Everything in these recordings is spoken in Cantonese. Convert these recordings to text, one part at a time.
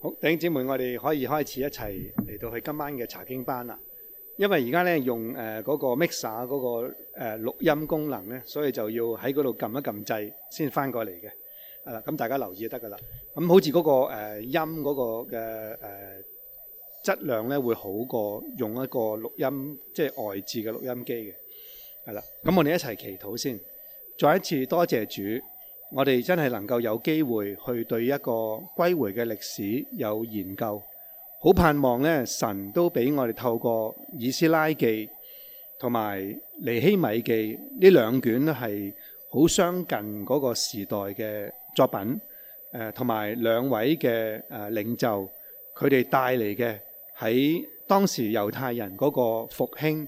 好，弟兄姊妹，我哋可以開始一齊嚟到去今晚嘅查經班啦。因為而家咧用嗰、呃嗰個 mixer 嗰、嗰個誒錄、呃、音功能咧，所以就要喺嗰度撳一撳掣先翻過嚟嘅。啦、啊，咁大家留意就得噶啦。咁、啊、好似嗰、嗰個、呃、音嗰個嘅誒質量咧，會好過用一個錄音即係外置嘅錄音機嘅。啦、啊，咁我哋一齊祈禱先。再一次多謝主。我哋真係能夠有機會去對一個歸回嘅歷史有研究，好盼望咧，神都俾我哋透過以斯拉記同埋尼希米記呢兩卷咧，係好相近嗰個時代嘅作品，誒同埋兩位嘅誒領袖，佢哋帶嚟嘅喺當時猶太人嗰個復興，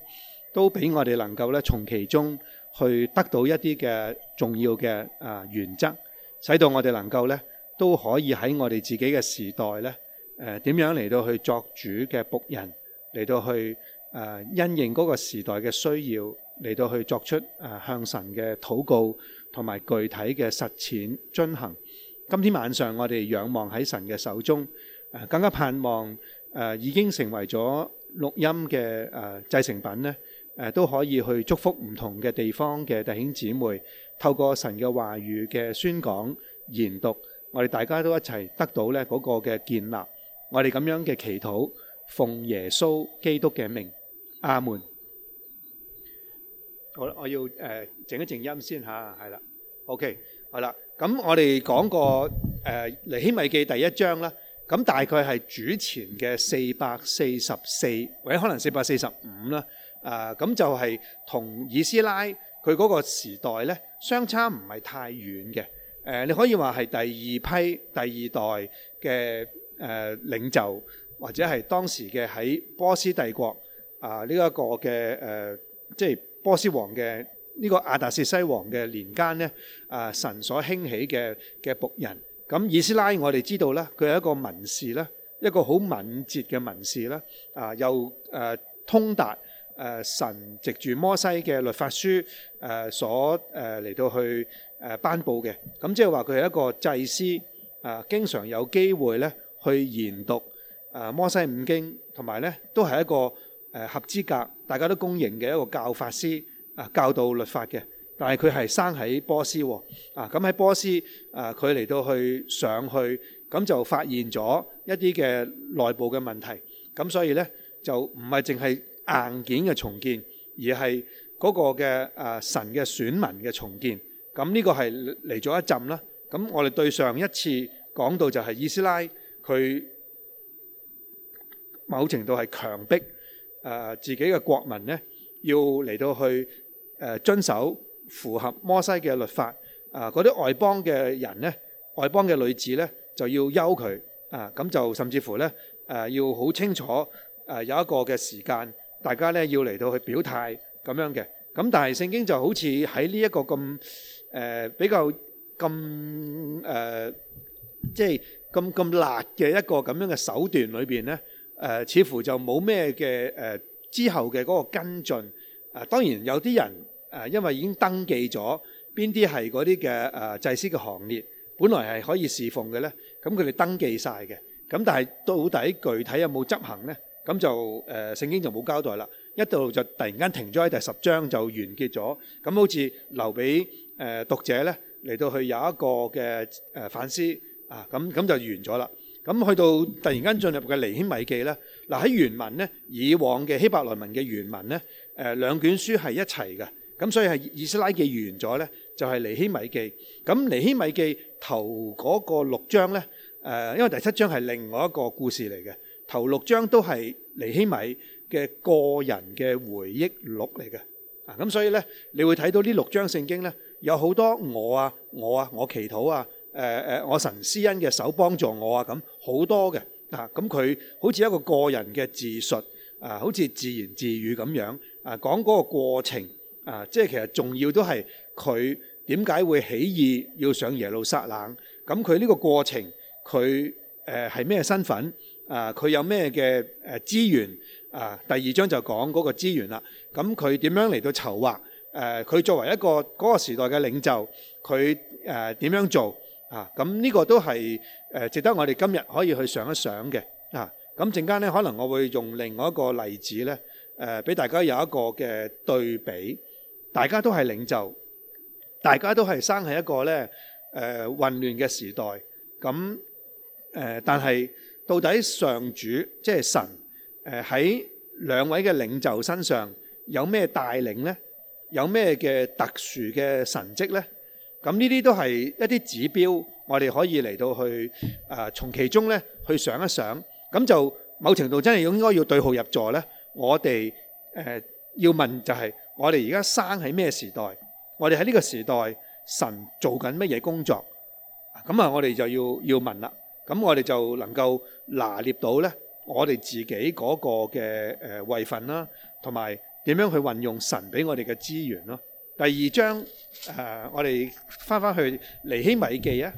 都俾我哋能夠咧從其中，去得到一啲嘅重要嘅誒原則，使到我哋能夠咧都可以喺我哋自己嘅時代咧，誒點樣嚟到去作主嘅僕人嚟到去誒因應嗰個時代嘅需要，嚟到去作出誒向神嘅禱告同埋具體嘅實踐進行。今天晚上我哋仰望喺神嘅手中，誒更加盼望誒已經成為咗錄音嘅誒製成品咧。誒都可以去祝福唔同嘅地方嘅弟兄姊妹，透過神嘅話語嘅宣講、研讀，我哋大家都一齊得到咧嗰個嘅建立。我哋咁樣嘅祈禱，奉耶穌基督嘅名，阿門。好啦，我要誒靜、呃、一靜音先嚇，係啦。OK，好啦，咁我哋講個誒尼希米記第一章啦。咁大概係主前嘅四百四十四，或者可能四百四十五啦。啊，咁就係同以斯拉佢嗰個時代呢相差唔係太遠嘅。誒、啊，你可以話係第二批、第二代嘅誒、啊、領袖，或者係當時嘅喺波斯帝國啊呢一、這個嘅誒，即、啊、係、就是、波斯王嘅呢、這個亞達士西王嘅年間呢啊，神所興起嘅嘅僕人。咁、啊、以斯拉我哋知道呢佢係一個文士啦，一個好敏捷嘅文士啦，啊又誒、啊、通達。誒神藉住摩西嘅律法書誒所誒嚟到去誒頒布嘅，咁即係話佢係一個祭司誒，經常有機會咧去研讀誒摩西五經，同埋咧都係一個誒合資格，大家都公認嘅一個教法師啊，教導律法嘅。但係佢係生喺波斯喎啊，咁喺波斯啊，佢嚟到去上去，咁就發現咗一啲嘅內部嘅問題，咁所以咧就唔係淨係。硬件嘅重建，而係嗰個嘅誒、呃、神嘅選民嘅重建。咁呢個係嚟咗一陣啦。咁我哋對上一次講到就係以斯拉，佢某程度係強迫誒、呃、自己嘅國民咧，要嚟到去誒遵守符合摩西嘅律法。啊、呃，嗰啲外邦嘅人咧，外邦嘅女子咧，就要休佢。啊、呃，咁就甚至乎咧誒、呃、要好清楚誒、呃、有一個嘅時間。大家咧要嚟到去表態咁樣嘅，咁但係聖經就好似喺呢一個咁誒比較咁誒，即係咁咁辣嘅一個咁樣嘅手段裏邊咧，誒似乎就冇咩嘅誒之後嘅嗰個跟進。誒當然有啲人誒因為已經登記咗邊啲係嗰啲嘅誒祭司嘅行列，本來係可以侍奉嘅咧，咁佢哋登記曬嘅，咁但係到底具體有冇執行咧？咁就誒聖經就冇交代啦，一到就突然間停咗喺第十章就完結咗，咁好似留俾誒讀者咧嚟到去有一個嘅誒反思啊，咁咁就完咗啦。咁去到突然間進入嘅尼希米記咧，嗱喺原文咧，以往嘅希伯來文嘅原文咧，誒兩卷書係一齊嘅，咁所以係以斯拉記完咗咧，就係尼希米記。咁尼希米記頭嗰個六章咧，誒因為第七章係另外一個故事嚟嘅。頭六章都係尼希米嘅個人嘅回憶錄嚟嘅，啊咁所以呢，你會睇到呢六章聖經呢，有好多我啊，我啊，我祈禱啊，誒、呃、誒，我神施恩嘅手幫助我啊，咁好多嘅，啊咁佢好似一個個人嘅自述啊，好似自言自語咁樣啊，講嗰個過程啊，即係其實重要都係佢點解會起意要上耶路撒冷，咁佢呢個過程，佢誒係咩身份？啊！佢有咩嘅誒資源啊？第二章就講嗰個資源啦。咁佢點樣嚟到籌劃？誒、啊，佢作為一個嗰個時代嘅領袖，佢誒點樣做啊？咁、這、呢個都係誒值得我哋今日可以去想一想嘅啊！咁陣間咧，可能我會用另外一個例子咧，誒、啊、俾大家有一個嘅對比，大家都係領袖，大家都係生喺一個咧誒、啊、混亂嘅時代，咁、啊、誒，但係。到底上主即係神，誒喺兩位嘅領袖身上有咩帶領呢？有咩嘅特殊嘅神蹟呢？咁呢啲都係一啲指標，我哋可以嚟到去誒、呃，從其中呢去想一想。咁就某程度真係應該要對號入座呢。我哋誒、呃、要問就係、是，我哋而家生喺咩時代？我哋喺呢個時代，神做緊乜嘢工作？咁啊，我哋就要要問啦。咁我哋就能夠拿捏到呢，我哋自己嗰個嘅誒位份啦，同埋點樣去運用神俾我哋嘅資源咯。第二章誒，我哋返返去尼希米記啊，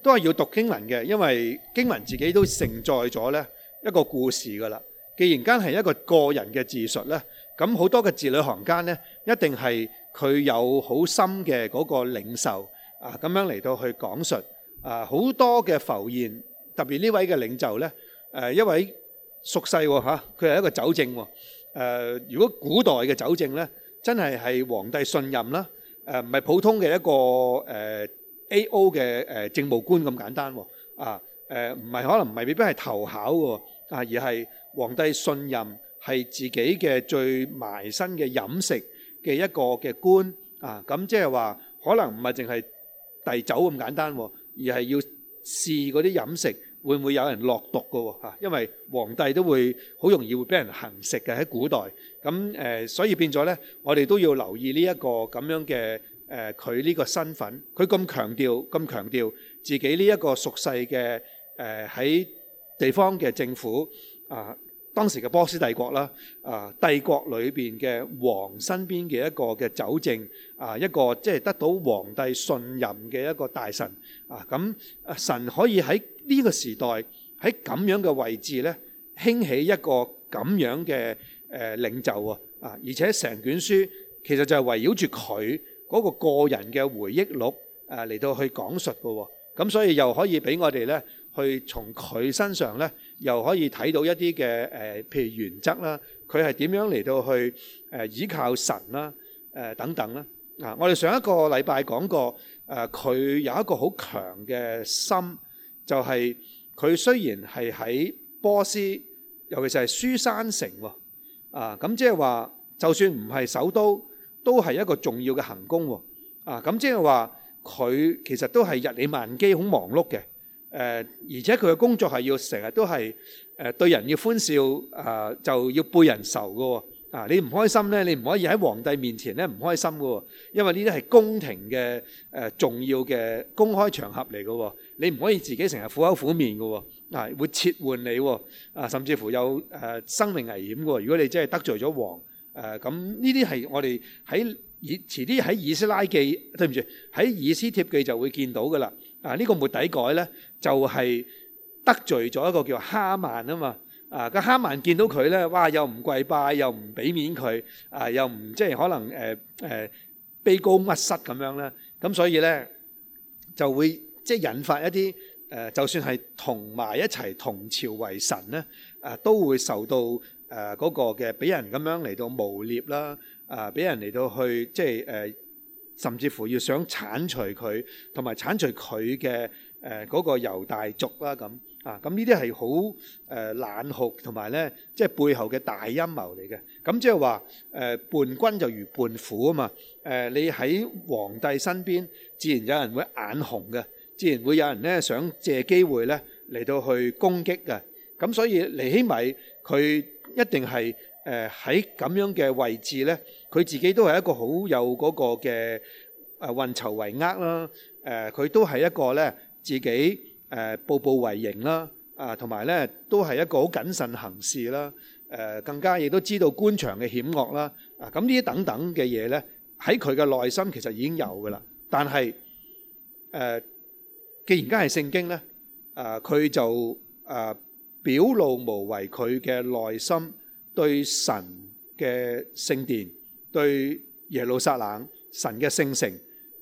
都係要讀經文嘅，因為經文自己都承載咗呢一個故事㗎喇。既然間係一個個人嘅自述呢，咁好多嘅字裏行間呢，一定係佢有好深嘅嗰個領受。啊，咁樣嚟到去講述啊，好多嘅浮現，特別呢位嘅領袖咧，誒一位屬世喎嚇，佢係一個酒政喎。誒，如果古代嘅酒政咧，真係係皇帝信任啦，誒唔係普通嘅一個誒 A.O. 嘅誒政務官咁簡單喎。啊，誒唔係可能唔係未必係投考喎，啊而係皇帝信任，係自己嘅最埋身嘅飲食嘅一個嘅官啊。咁即係話可能唔係淨係。係走咁簡單，而係要試嗰啲飲食會唔會有人落毒㗎喎？嚇，因為皇帝都會好容易會俾人行食嘅喺古代。咁誒，所以變咗呢，我哋都要留意呢一個咁樣嘅誒，佢呢個身份，佢咁強調，咁強調自己呢一個屬世嘅誒喺地方嘅政府啊。當時嘅波斯帝國啦，啊，帝國裏邊嘅王身邊嘅一個嘅酒政，啊，一個即係得到皇帝信任嘅一個大臣，啊，咁神可以喺呢個時代喺咁樣嘅位置咧，興起一個咁樣嘅誒領袖啊，啊，而且成卷書其實就係圍繞住佢嗰個個人嘅回憶錄，誒嚟到去講述嘅，咁所以又可以俾我哋咧去從佢身上咧。又可以睇到一啲嘅誒，譬如原則啦，佢係點樣嚟到去誒依靠神啦，誒等等啦。啊，我哋上一個禮拜講過，誒佢有一個好強嘅心，就係佢雖然係喺波斯，尤其是係書山城喎，啊咁即係話，就算唔係首都，都係一個重要嘅行宮喎，啊咁即係話佢其實都係日理萬機，好忙碌嘅。誒，而且佢嘅工作係要成日都係誒對人要歡笑啊，就要背人仇嘅喎啊！你唔開心咧，你唔可以喺皇帝面前咧唔開心嘅喎，因為呢啲係宮廷嘅誒重要嘅公開場合嚟嘅喎，你唔可以自己成日苦口苦面嘅喎啊！會撤換你啊，甚至乎有誒生命危險嘅喎。如果你真係得罪咗王，誒，咁呢啲係我哋喺以遲啲喺以斯拉記，對唔住喺以斯帖記就會見到嘅啦。啊！呢個末底改咧，就係得罪咗一個叫哈曼啊嘛！啊，個哈曼見到佢咧，哇！又唔跪拜，又唔俾面佢，啊，又唔即係可能誒誒卑躬屈膝咁樣咧。咁所以咧就會即係引發一啲誒，就算係同埋一齊同朝為臣咧，啊，都會受到誒嗰個嘅俾人咁樣嚟到污蔑啦，啊，俾人嚟到去即係誒。甚至乎要想鏟除佢，同埋鏟除佢嘅誒嗰個猶大族啦，咁啊，咁呢啲係好誒冷酷，同埋咧即係背後嘅大陰謀嚟嘅。咁即係話誒伴君就如伴虎啊嘛。呃、你喺皇帝身邊，自然有人會眼紅嘅，自然會有人咧想借機會咧嚟到去攻擊嘅。咁、啊、所以尼希米佢一定係。誒喺咁樣嘅位置咧，佢自己都係一個好有嗰個嘅誒運籌帷幄啦。誒，佢都係一個咧自己誒步步為營啦。啊，同埋咧都係一個好謹慎行事啦。誒，更加亦都知道官場嘅險惡啦。啊，咁呢啲等等嘅嘢咧，喺佢嘅內心其實已經有㗎啦。但係誒，既然家係聖經咧，啊，佢就，啊表露無遺佢嘅內心。對神嘅聖殿，對耶路撒冷神嘅聖城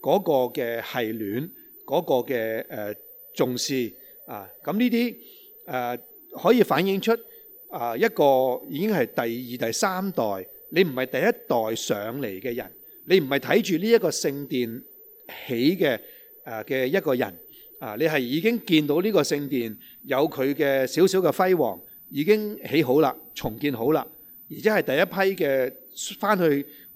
嗰個嘅係戀，嗰個嘅誒重視啊，咁呢啲誒可以反映出啊一個已經係第二、第三代，你唔係第一代上嚟嘅人，你唔係睇住呢一個聖殿起嘅誒嘅一個人啊，你係已經見到呢個聖殿有佢嘅少少嘅輝煌。已經起好啦，重建好啦，而且係第一批嘅返去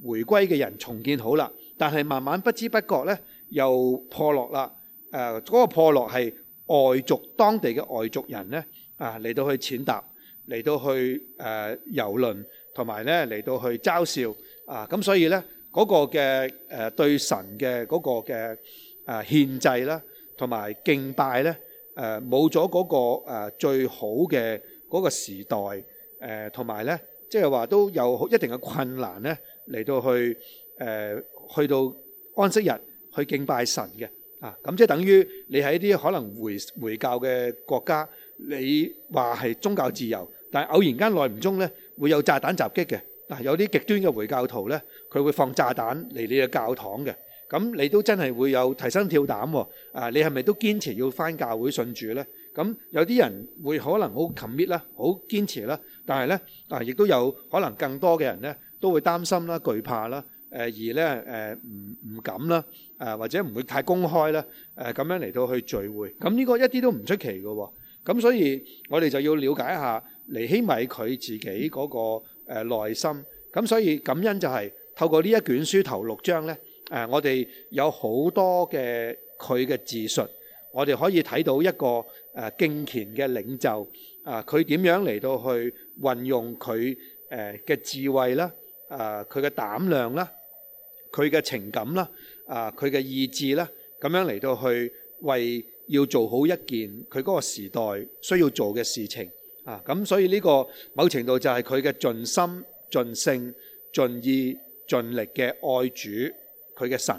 回歸嘅人重建好啦。但係慢慢不知不覺呢，又破落啦。誒，嗰個破落係外族當地嘅外族人呢，啊嚟到去踐踏，嚟到去誒遊輪，同埋呢嚟到去嘲笑。啊，咁所以呢嗰個嘅誒對神嘅嗰個嘅誒獻祭啦，同埋敬拜呢，誒冇咗嗰個誒最好嘅。嗰、那個時代，同、呃、埋呢，即係話都有一定嘅困難呢，嚟到去、呃、去到安息日去敬拜神嘅，啊咁即係等於你喺啲可能回回教嘅國家，你話係宗教自由，但偶然間耐唔中呢，會有炸彈襲擊嘅，嗱、啊、有啲極端嘅回教徒呢，佢會放炸彈嚟你嘅教堂嘅，咁、啊、你都真係會有提心吊膽喎、哦，啊你係咪都堅持要返教會信主呢？咁有啲人會可能好 commit 啦，好堅持啦，但係呢，啊，亦都有可能更多嘅人呢，都會擔心啦、懼怕啦、啊，而呢唔唔、啊、敢啦、啊，或者唔會太公開啦，咁、啊、樣嚟到去聚會。咁呢個一啲都唔出奇嘅喎、哦。咁所以我哋就要了解一下尼希米佢自己嗰個誒內心。咁所以感恩就係透過呢一卷書頭六章呢，啊、我哋有好多嘅佢嘅自述，我哋可以睇到一個。啊、敬虔嘅領袖，啊，佢點樣嚟到去運用佢誒嘅智慧啦，啊，佢嘅膽量啦，佢嘅情感啦，啊，佢嘅、啊、意志啦，咁、啊、樣嚟到去為要做好一件佢嗰個時代需要做嘅事情，啊，咁所以呢個某程度就係佢嘅盡心盡性盡意盡力嘅愛主佢嘅神，誒、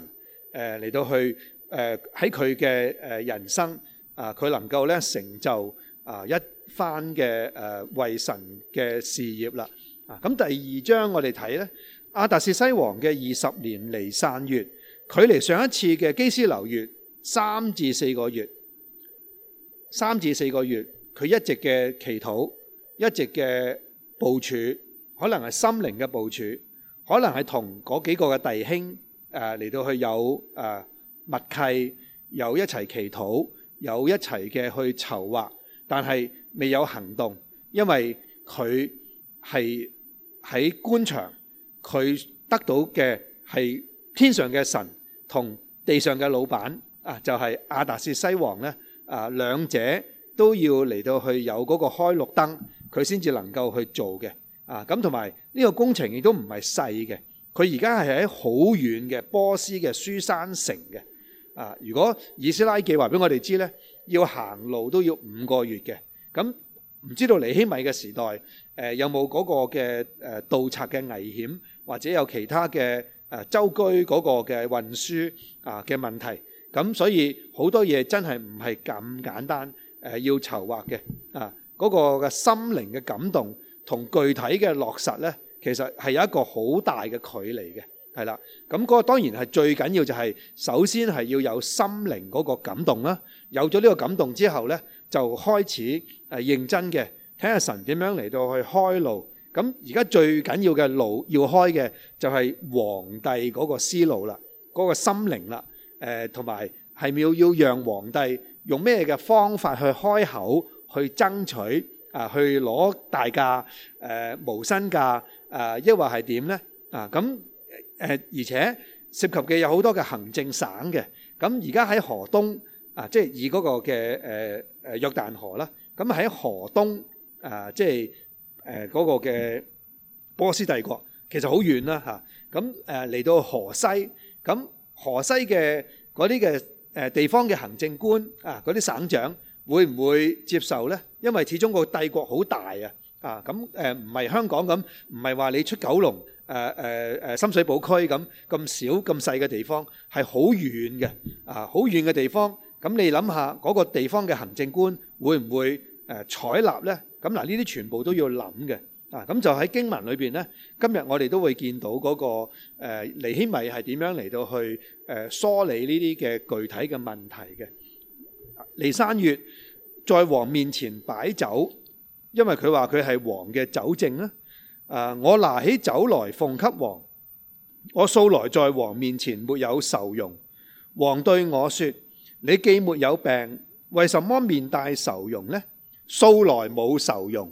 啊、嚟到去誒喺佢嘅誒人生。啊！佢能夠咧成就啊一番嘅誒為神嘅事業啦！啊，咁第二章我哋睇呢亞達薛西王嘅二十年尼散月，距離上一次嘅基斯流月三至四個月，三至四個月，佢一直嘅祈禱，一直嘅部署，可能係心靈嘅部署，可能係同嗰幾個嘅弟兄誒嚟到去有誒默契，有一齊祈禱。有一齊嘅去籌劃，但係未有行動，因為佢係喺官場，佢得到嘅係天上嘅神同地上嘅老闆啊，就係亞達薛西王呢啊，兩者都要嚟到去有嗰個開綠燈，佢先至能夠去做嘅啊。咁同埋呢個工程亦都唔係細嘅，佢而家係喺好遠嘅波斯嘅書珊城嘅。啊！如果以斯拉記話俾我哋知呢，要行路都要五個月嘅，咁唔知道尼希米嘅時代，呃、有冇嗰個嘅誒盜賊嘅危險，或者有其他嘅誒舟居嗰個嘅運輸啊嘅問題？咁、呃、所以好多嘢真係唔係咁簡單、呃、要籌劃嘅啊，嗰、呃嗰個嘅心靈嘅感動同具體嘅落實呢，其實係有一個好大嘅距離嘅。係啦，咁嗰個當然係最緊要就係首先係要有心靈嗰個感動啦。有咗呢個感動之後呢，就開始誒認真嘅睇下神點樣嚟到去開路。咁而家最緊要嘅路要開嘅就係皇帝嗰個思路啦，嗰個心靈啦，誒同埋係咪要要讓皇帝用咩嘅方法去開口去爭取啊？去攞大假誒無薪假啊，抑或係點呢啊咁？誒而且涉及嘅有好多嘅行政省嘅，咁而家喺河東啊，即係以嗰個嘅誒誒約旦河啦，咁喺河東啊，即係誒嗰個嘅波斯帝國，其實好遠啦嚇，咁誒嚟到河西，咁河西嘅嗰啲嘅誒地方嘅行政官啊，嗰啲省長會唔會接受咧？因為始終個帝國好大啊，啊咁誒唔係香港咁，唔係話你出九龍。誒誒誒，深水埗區咁咁小咁細嘅地方係好遠嘅，啊好遠嘅地方，咁你諗下嗰個地方嘅行政官會唔會誒採納咧？咁嗱呢啲全部都要諗嘅，啊咁就喺經文裏邊咧，今日我哋都會見到嗰個誒尼希米係點樣嚟到去誒梳理呢啲嘅具體嘅問題嘅。尼散月在王面前擺酒，因為佢話佢係王嘅酒政啊。啊！我拿起酒來奉給王，我素來在王面前沒有愁容。王對我說：你既沒有病，為什麼面帶愁容呢？素來冇愁容，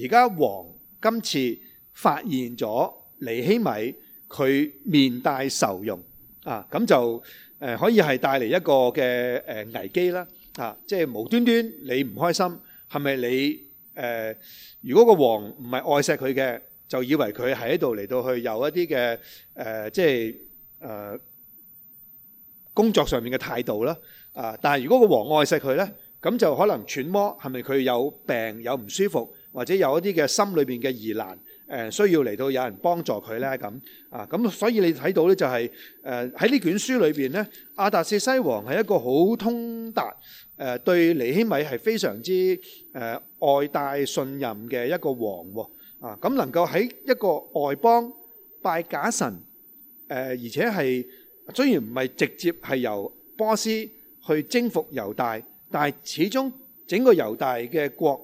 而家王今次發現咗尼希米佢面帶愁容啊，咁就誒可以係帶嚟一個嘅誒危機啦啊！即係無端端你唔開心，係咪你誒？如果個王唔係愛錫佢嘅？就以為佢係喺度嚟到去有一啲嘅誒，即係誒工作上面嘅態度啦。啊，但係如果個王愛惜佢咧，咁就可能揣摩係咪佢有病有唔舒服，或者有一啲嘅心裏邊嘅疑難誒，需要嚟到有人幫助佢咧。咁啊，咁所以你睇到咧就係誒喺呢卷書裏邊咧，亞達薛西王係一個好通達誒，對尼希米係非常之誒愛戴信任嘅一個王喎。啊！咁能夠喺一個外邦拜假神，誒、呃、而且係雖然唔係直接係由波斯去征服猶大，但係始終整個猶大嘅國，誒、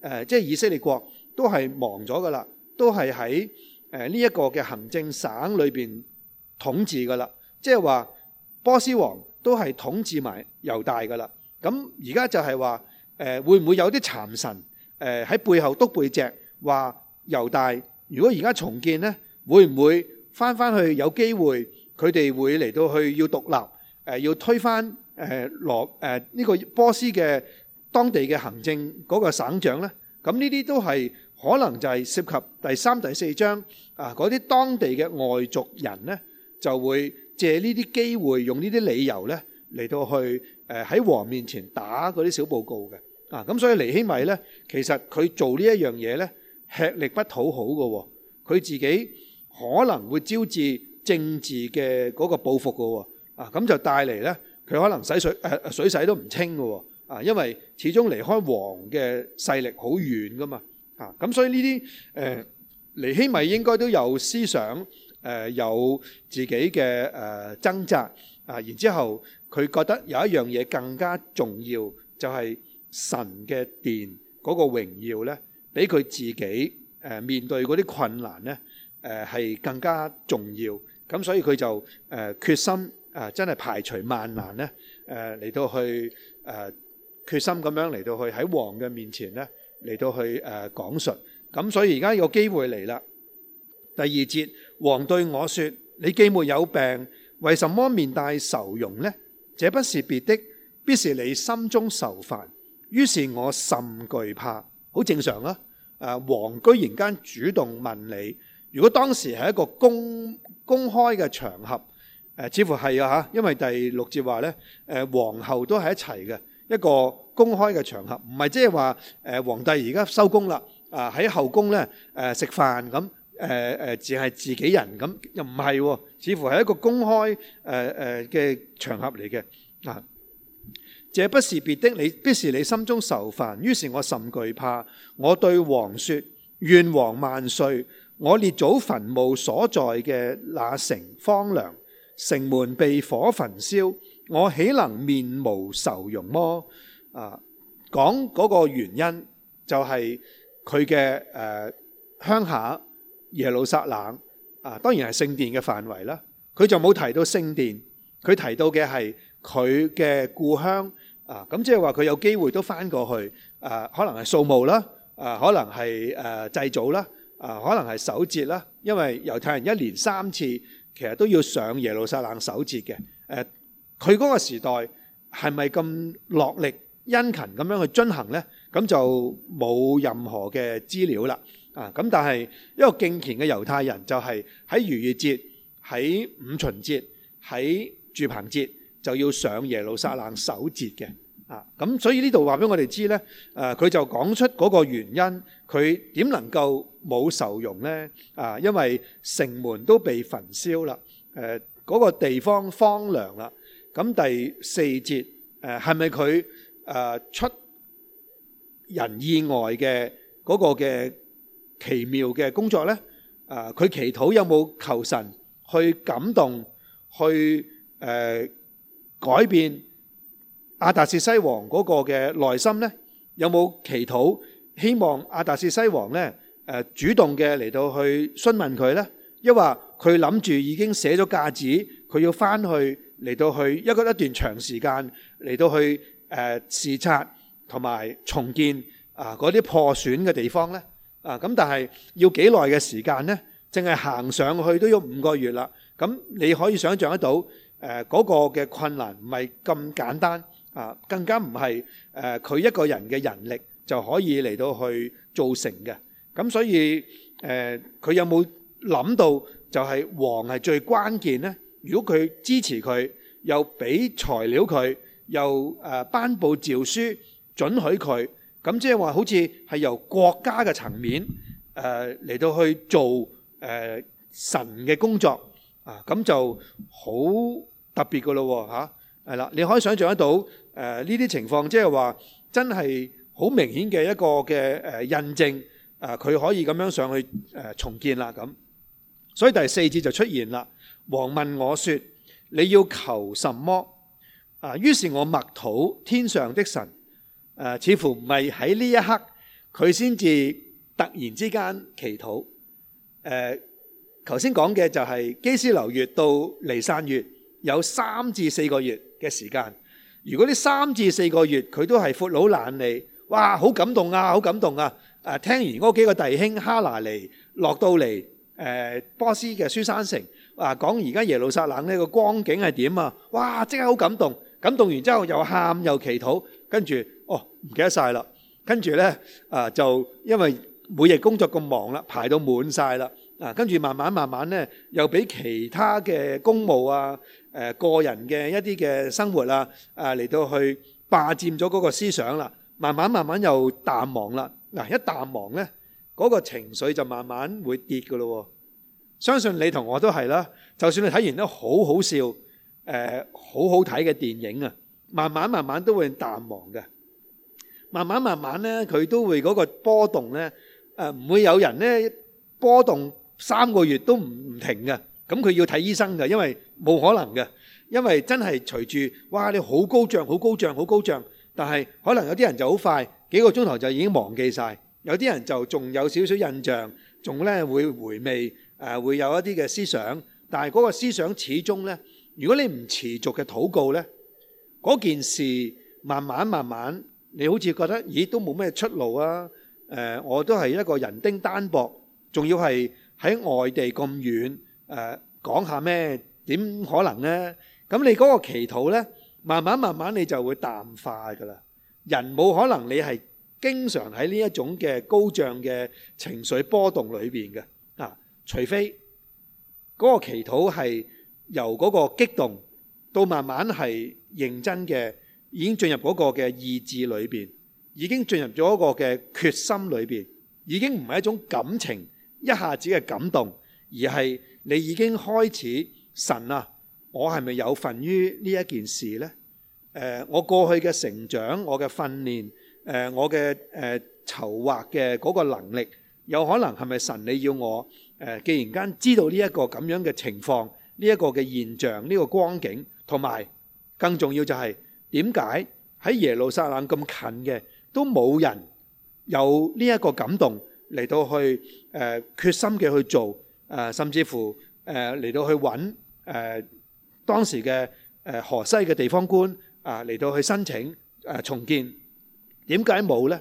呃、即係以色列國都係亡咗噶啦，都係喺呢一個嘅行政省裏面統治噶啦，即係話波斯王都係統治埋猶大噶啦。咁而家就係話誒會唔會有啲殘神誒喺、呃、背後督背脊話？猶大，如果而家重建咧，會唔會翻翻去有機會佢哋會嚟到去要獨立？誒，要推翻誒羅誒呢個波斯嘅當地嘅行政嗰個省長咧？咁呢啲都係可能就係涉及第三、第四章啊！嗰啲當地嘅外族人咧，就會借呢啲機會用呢啲理由咧嚟到去誒喺王面前打嗰啲小報告嘅啊！咁所以尼希米咧，其實佢做呢一樣嘢咧。吃力不討好嘅喎，佢自己可能會招致政治嘅嗰個報復嘅喎，啊咁就帶嚟咧，佢可能洗水誒水洗都唔清嘅喎，啊因為始終離開王嘅勢力好遠㗎嘛，啊咁所以呢啲誒尼希米應該都有思想誒，有自己嘅誒掙扎啊，然之後佢覺得有一樣嘢更加重要，就係神嘅殿嗰個榮耀咧。畀佢自己面對嗰啲困難呢誒係更加重要。咁所以佢就誒決心誒真係排除萬難呢，誒嚟到去誒決心咁樣嚟到去喺王嘅面前呢，嚟到去誒講述。咁所以而家有機會嚟啦。第二節，王對我說：你既沒有病，為什麼面帶愁容呢？這不是別的，必是你心中愁煩。於是，我甚懼怕。好正常啊。誒，王居然間主動問你，如果當時係一個公公開嘅場合，誒、呃，似乎係啊嚇。因為第六節話咧，誒、呃、皇后都係一齊嘅一個公開嘅場合，唔係即係話誒皇帝而家收工啦，啊、呃、喺後宮咧誒食飯咁誒誒，只係自己人咁，又唔係喎，似乎係一個公開誒誒嘅場合嚟嘅嗱。啊。這不是別的，你必是你心中愁煩，於是，我甚懼怕。我對王說：願王萬歲！我列祖墳墓所在嘅那城荒涼，城門被火焚燒，我豈能面無愁容麼？啊，講嗰個原因就係佢嘅誒鄉下耶路撒冷啊，當然係聖殿嘅範圍啦。佢就冇提到聖殿，佢提到嘅係佢嘅故鄉。啊，咁即係話佢有機會都翻過去，啊，可能係掃墓啦，啊，可能係誒祭祖啦，啊，可能係守節啦，因為猶太人一年三次其實都要上耶路撒冷守節嘅。誒，佢嗰個時代係咪咁落力、殷勤咁樣去遵行呢？咁就冇任何嘅資料啦。啊，咁但係一個敬虔嘅猶太人就係喺逾越節、喺五旬節、喺住棚節就要上耶路撒冷守節嘅。啊，咁所以呢度話俾我哋知咧，誒佢就講出嗰個原因，佢點能夠冇愁容咧？啊，因為城門都被焚燒啦，誒嗰個地方荒涼啦。咁第四節誒係咪佢誒出人意外嘅嗰個嘅奇妙嘅工作咧？啊，佢祈禱有冇求神去感動去誒改變？亞達士西王嗰個嘅內心呢，有冇祈禱？希望亞達士西王呢，呃、主動嘅嚟到去詢問佢呢。因為佢諗住已經寫咗假紙，佢要翻去嚟到去一個一段長時間嚟到去誒、呃、視察同埋重建啊嗰啲破損嘅地方呢。啊、呃！咁但係要幾耐嘅時間呢？淨係行上去都要五個月啦。咁你可以想象得到誒嗰、呃嗰個嘅困難唔係咁簡單。啊，更加唔係誒佢一個人嘅人力就可以嚟到去造成嘅，咁所以誒佢有冇諗到就係王係最關鍵呢？如果佢支持佢，又俾材料佢，又誒頒佈詔書，准許佢，咁即係話好似係由國家嘅層面誒嚟到去做誒神嘅工作啊，咁就好特別噶咯喎嚇！係啦，你可以想象得到，誒呢啲情況，即係話真係好明顯嘅一個嘅誒、呃、印證，啊、呃、佢可以咁樣上去、呃、重建啦咁。所以第四節就出現啦。王問我說：說你要求什麼？啊、呃，於是，我默禱天上的神。誒、呃，似乎唔係喺呢一刻，佢先至突然之間祈禱。誒、呃，頭先講嘅就係基斯流月到尼散月有三至四個月。嘅時間，如果啲三至四個月佢都係闊佬爛嚟，哇，好感動啊，好感動啊！誒，聽完嗰幾個弟兄哈拿尼落到嚟誒波斯嘅書珊城，話講而家耶路撒冷呢個光景係點啊！哇，即刻好感動，感動完之後又喊又祈禱，跟住，哦唔記得曬啦，跟住咧誒就因為每日工作咁忙啦，排到滿曬啦，啊，跟住慢慢慢慢咧又俾其他嘅公務啊。呃，個人嘅一啲嘅生活啊，呃，嚟到去，咁佢要睇醫生嘅，因為冇可能嘅，因為真係隨住哇你好高漲，好高漲，好高漲。但係可能有啲人就好快幾個鐘頭就已經忘記晒，有啲人就仲有少少印象，仲咧會回味誒，會有一啲嘅思想。但係嗰個思想始終呢，如果你唔持續嘅禱告呢，嗰件事慢慢慢慢，你好似覺得咦，都冇咩出路啊！誒，我都係一個人丁單薄，仲要係喺外地咁遠。誒、呃、講下咩？點可能呢？咁你嗰個祈禱呢，慢慢慢慢你就會淡化噶啦。人冇可能你係經常喺呢一種嘅高漲嘅情緒波動裏面嘅啊，除非嗰個祈禱係由嗰個激動到慢慢係認真嘅，已經進入嗰個嘅意志裏面，已經進入咗一個嘅決心裏面，已經唔係一種感情一下子嘅感動，而係。你已經開始，神啊，我係咪有份於呢一件事呢？誒、呃，我過去嘅成長，我嘅訓練，誒、呃，我嘅誒籌劃嘅嗰個能力，有可能係咪神你要我？誒、呃，既然間知道呢一個咁樣嘅情況，呢、這、一個嘅現象，呢、這個光景，同埋更重要就係點解喺耶路撒冷咁近嘅都冇人有呢一個感動嚟到去誒、呃、決心嘅去做？誒甚至乎誒嚟到去揾誒當時嘅誒河西嘅地方官啊，嚟到去申請誒重建，點解冇咧？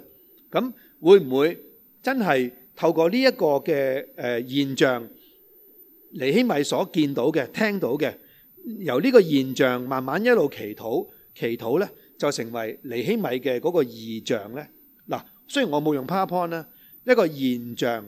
咁會唔會真係透過呢一個嘅誒現象，尼希米所見到嘅、聽到嘅，由呢個現象慢慢一路祈禱、祈禱咧，就成為尼希米嘅嗰個異象咧？嗱，雖然我冇用 PowerPoint 啦，一個現象。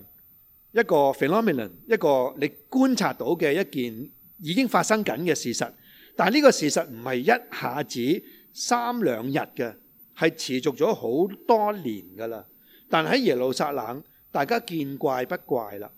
一個 phenomenon，一個你觀察到嘅一件已經發生緊嘅事實，但係呢個事實唔係一下子三兩日嘅，係持續咗好多年㗎啦。但喺耶路撒冷，大家見怪不怪啦，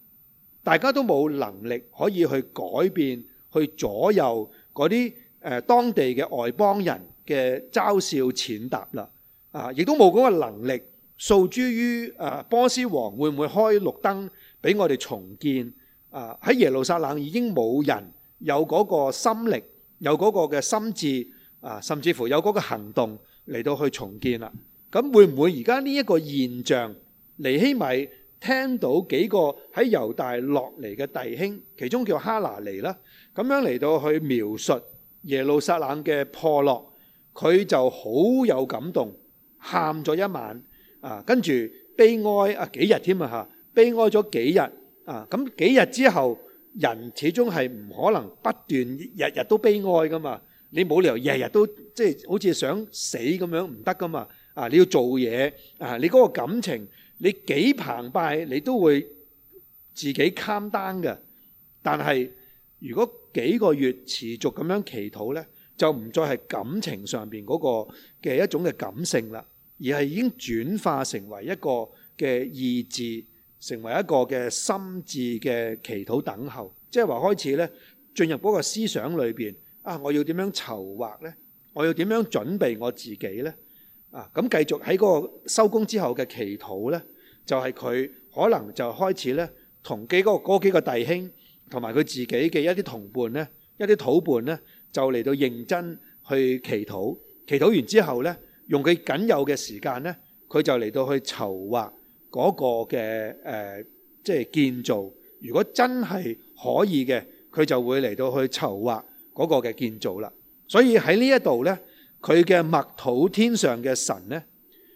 大家都冇能力可以去改變、去左右嗰啲誒當地嘅外邦人嘅嘲笑踐踏啦，啊，亦都冇嗰個能力訴諸於波斯王會唔會開綠燈。俾我哋重建啊！喺耶路撒冷已經冇人有嗰個心力，有嗰個嘅心智啊，甚至乎有嗰個行動嚟到去重建啦。咁會唔會而家呢一個現象？尼希米聽到幾個喺猶大落嚟嘅弟兄，其中叫哈拿尼啦，咁樣嚟到去描述耶路撒冷嘅破落，佢就好有感動，喊咗一晚啊，跟住悲哀啊幾日添啊吓。悲哀咗幾日啊？咁幾日之後，人始終係唔可能不斷日日都悲哀噶嘛？你冇理由日日都即係好似想死咁樣唔得噶嘛？啊，你要做嘢啊！你嗰個感情，你幾澎湃，你都會自己 calm down 嘅。但係如果幾個月持續咁樣祈禱呢，就唔再係感情上面嗰個嘅一種嘅感性啦，而係已經轉化成為一個嘅意志。成為一個嘅心智嘅祈禱等候，即係話開始呢，進入嗰個思想裏面。啊！我要點樣籌劃呢？我要點樣準備我自己呢？啊！咁繼續喺嗰個收工之後嘅祈禱呢，就係佢可能就開始呢，同幾個幾個弟兄同埋佢自己嘅一啲同伴呢，一啲土伴呢，就嚟到認真去祈禱。祈禱完之後呢，用佢僅有嘅時間呢，佢就嚟到去籌劃。嗰、那個嘅誒、呃，即係建造。如果真係可以嘅，佢就會嚟到去籌劃嗰個嘅建造啦。所以喺呢一度呢，佢嘅默禱天上嘅神呢，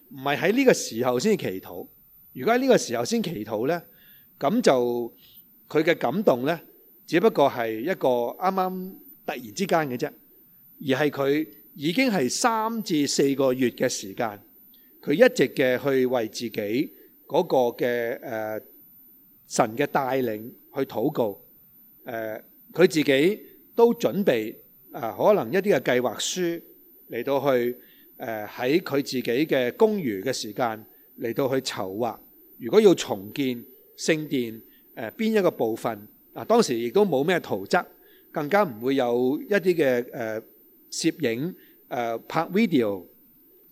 唔係喺呢個時候先祈禱。如果喺呢個時候先祈禱呢，咁就佢嘅感動呢，只不過係一個啱啱突然之間嘅啫，而係佢已經係三至四個月嘅時間，佢一直嘅去為自己。嗰、那個嘅誒、呃、神嘅帶領去禱告，誒、呃、佢自己都準備啊、呃，可能一啲嘅計劃書嚟到去誒喺佢自己嘅公餘嘅時間嚟到去籌劃。如果要重建聖殿，誒、呃、邊一個部分啊、呃？當時亦都冇咩圖則，更加唔會有一啲嘅誒攝影誒、呃、拍 video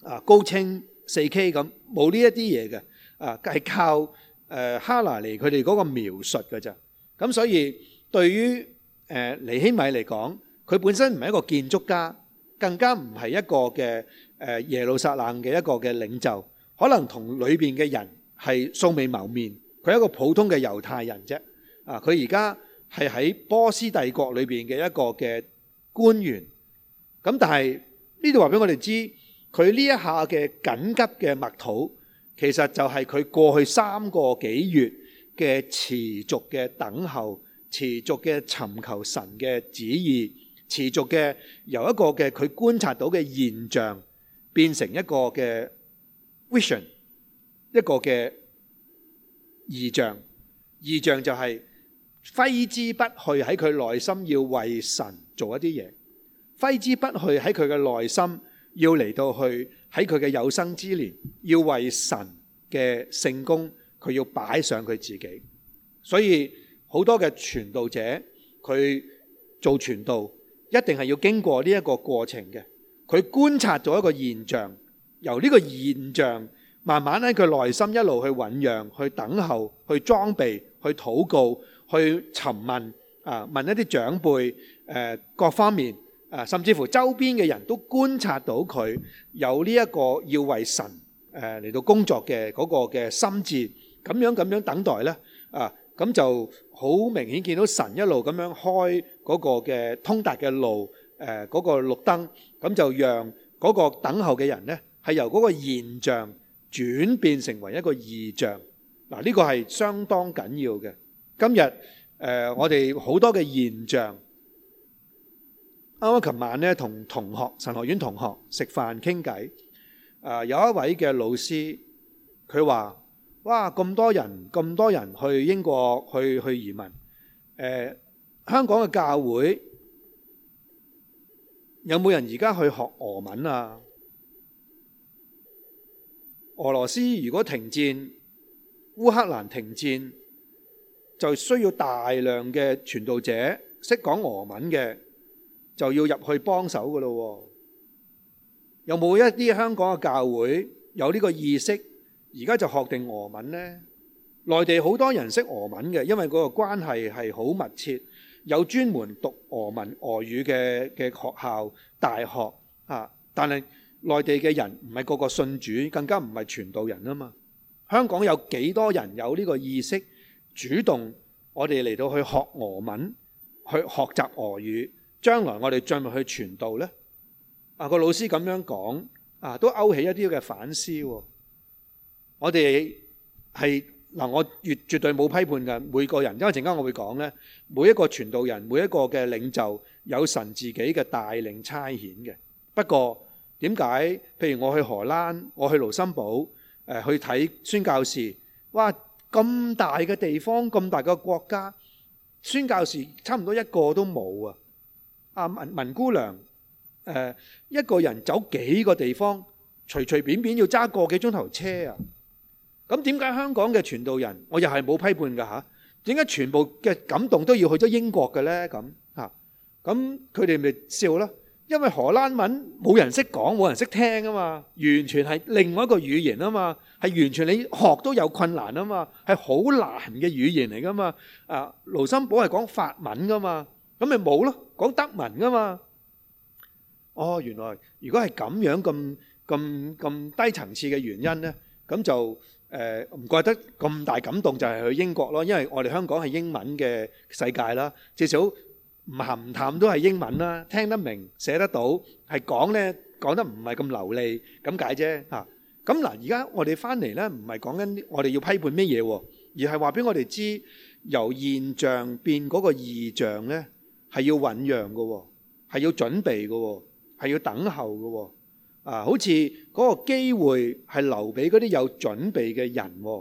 啊、呃、高清四 K 咁，冇呢一啲嘢嘅。啊，係靠誒哈拿尼佢哋嗰個描述嘅咋。咁所以對於誒尼希米嚟講，佢本身唔係一個建築家，更加唔係一個嘅誒耶路撒冷嘅一個嘅領袖，可能同裏邊嘅人係素未謀面。佢係一個普通嘅猶太人啫。啊，佢而家係喺波斯帝國裏邊嘅一個嘅官員。咁但係呢度話俾我哋知，佢呢一下嘅緊急嘅麥土。其實就係佢過去三個幾月嘅持續嘅等候，持續嘅尋求神嘅旨意，持續嘅由一個嘅佢觀察到嘅現象變成一個嘅 vision，一個嘅異象。異象就係揮之不去喺佢內心要為神做一啲嘢，揮之不去喺佢嘅內心。要嚟到去喺佢嘅有生之年，要為神嘅聖工，佢要擺上佢自己。所以好多嘅傳道者，佢做傳道，一定係要經過呢一個過程嘅。佢觀察咗一個現象，由呢個現象慢慢喺佢內心一路去醞釀、去等候、去裝備、去禱告、去詢問啊，問一啲長輩，誒，各方面。啊，甚至乎周邊嘅人都觀察到佢有呢一個要為神誒嚟到工作嘅嗰個嘅心志，咁樣咁樣等待咧，啊，咁就好明顯見到神一路咁樣開嗰個嘅通達嘅路，誒嗰個綠燈，咁就讓嗰個等候嘅人咧係由嗰個現象轉變成為一個異象。嗱，呢個係相當緊要嘅。今日誒，我哋好多嘅現象。啱啱琴晚咧同同學神學院同學食飯傾偈。啊，有一位嘅老師佢話：「哇，咁多人咁多人去英國，去去移民，誒、呃、香港嘅教會有冇人而家去學俄文啊？俄羅斯如果停戰，烏克蘭停戰，就需要大量嘅傳道者識講俄文嘅。就要入去幫手㗎咯喎，有冇一啲香港嘅教會有呢個意識？而家就學定俄文呢？內地好多人識俄文嘅，因為嗰個關係係好密切，有專門讀俄文俄語嘅嘅學校大學啊。但係內地嘅人唔係個個信主，更加唔係傳道人啊嘛。香港有幾多人有呢個意識，主動我哋嚟到去學俄文，去學習俄語？將來我哋進入去傳道呢？啊，個老師咁樣講啊，都勾起一啲嘅反思。我哋係嗱，我越絕對冇批判嘅每個人，因為陣間我會講呢，每一個傳道人、每一個嘅領袖，有神自己嘅帶領差遣嘅。不過點解？譬如我去荷蘭，我去盧森堡，呃、去睇宣教士，哇！咁大嘅地方，咁大個國家，宣教士差唔多一個都冇啊！啊文文姑娘，誒一個人走幾個地方，隨隨便便要揸個幾鐘頭車啊！咁點解香港嘅傳道人，我又係冇批判㗎吓？點解全部嘅感動都要去咗英國嘅呢？咁吓咁佢哋咪笑咯？因為荷蘭文冇人識講，冇人識聽啊嘛，完全係另外一個語言啊嘛，係完全你學都有困難啊嘛，係好難嘅語言嚟㗎嘛！啊，盧森堡係講法文㗎嘛。咁咪冇咯，講德文吖嘛？哦，原來如果係咁樣咁咁咁低層次嘅原因咧，咁就誒唔怪得咁大感動就係去英國咯，因為我哋香港係英文嘅世界啦，至少唔含淡都係英文啦，聽得明、寫得到，係講咧講得唔係咁流利咁解啫嚇。咁嗱，而家我哋翻嚟咧，唔係講緊我哋要批判咩嘢，而係話俾我哋知由現象變嗰個異象咧。係要醞釀嘅，係要準備嘅，係要等候嘅，啊！好似嗰個機會係留俾嗰啲有準備嘅人，呢、啊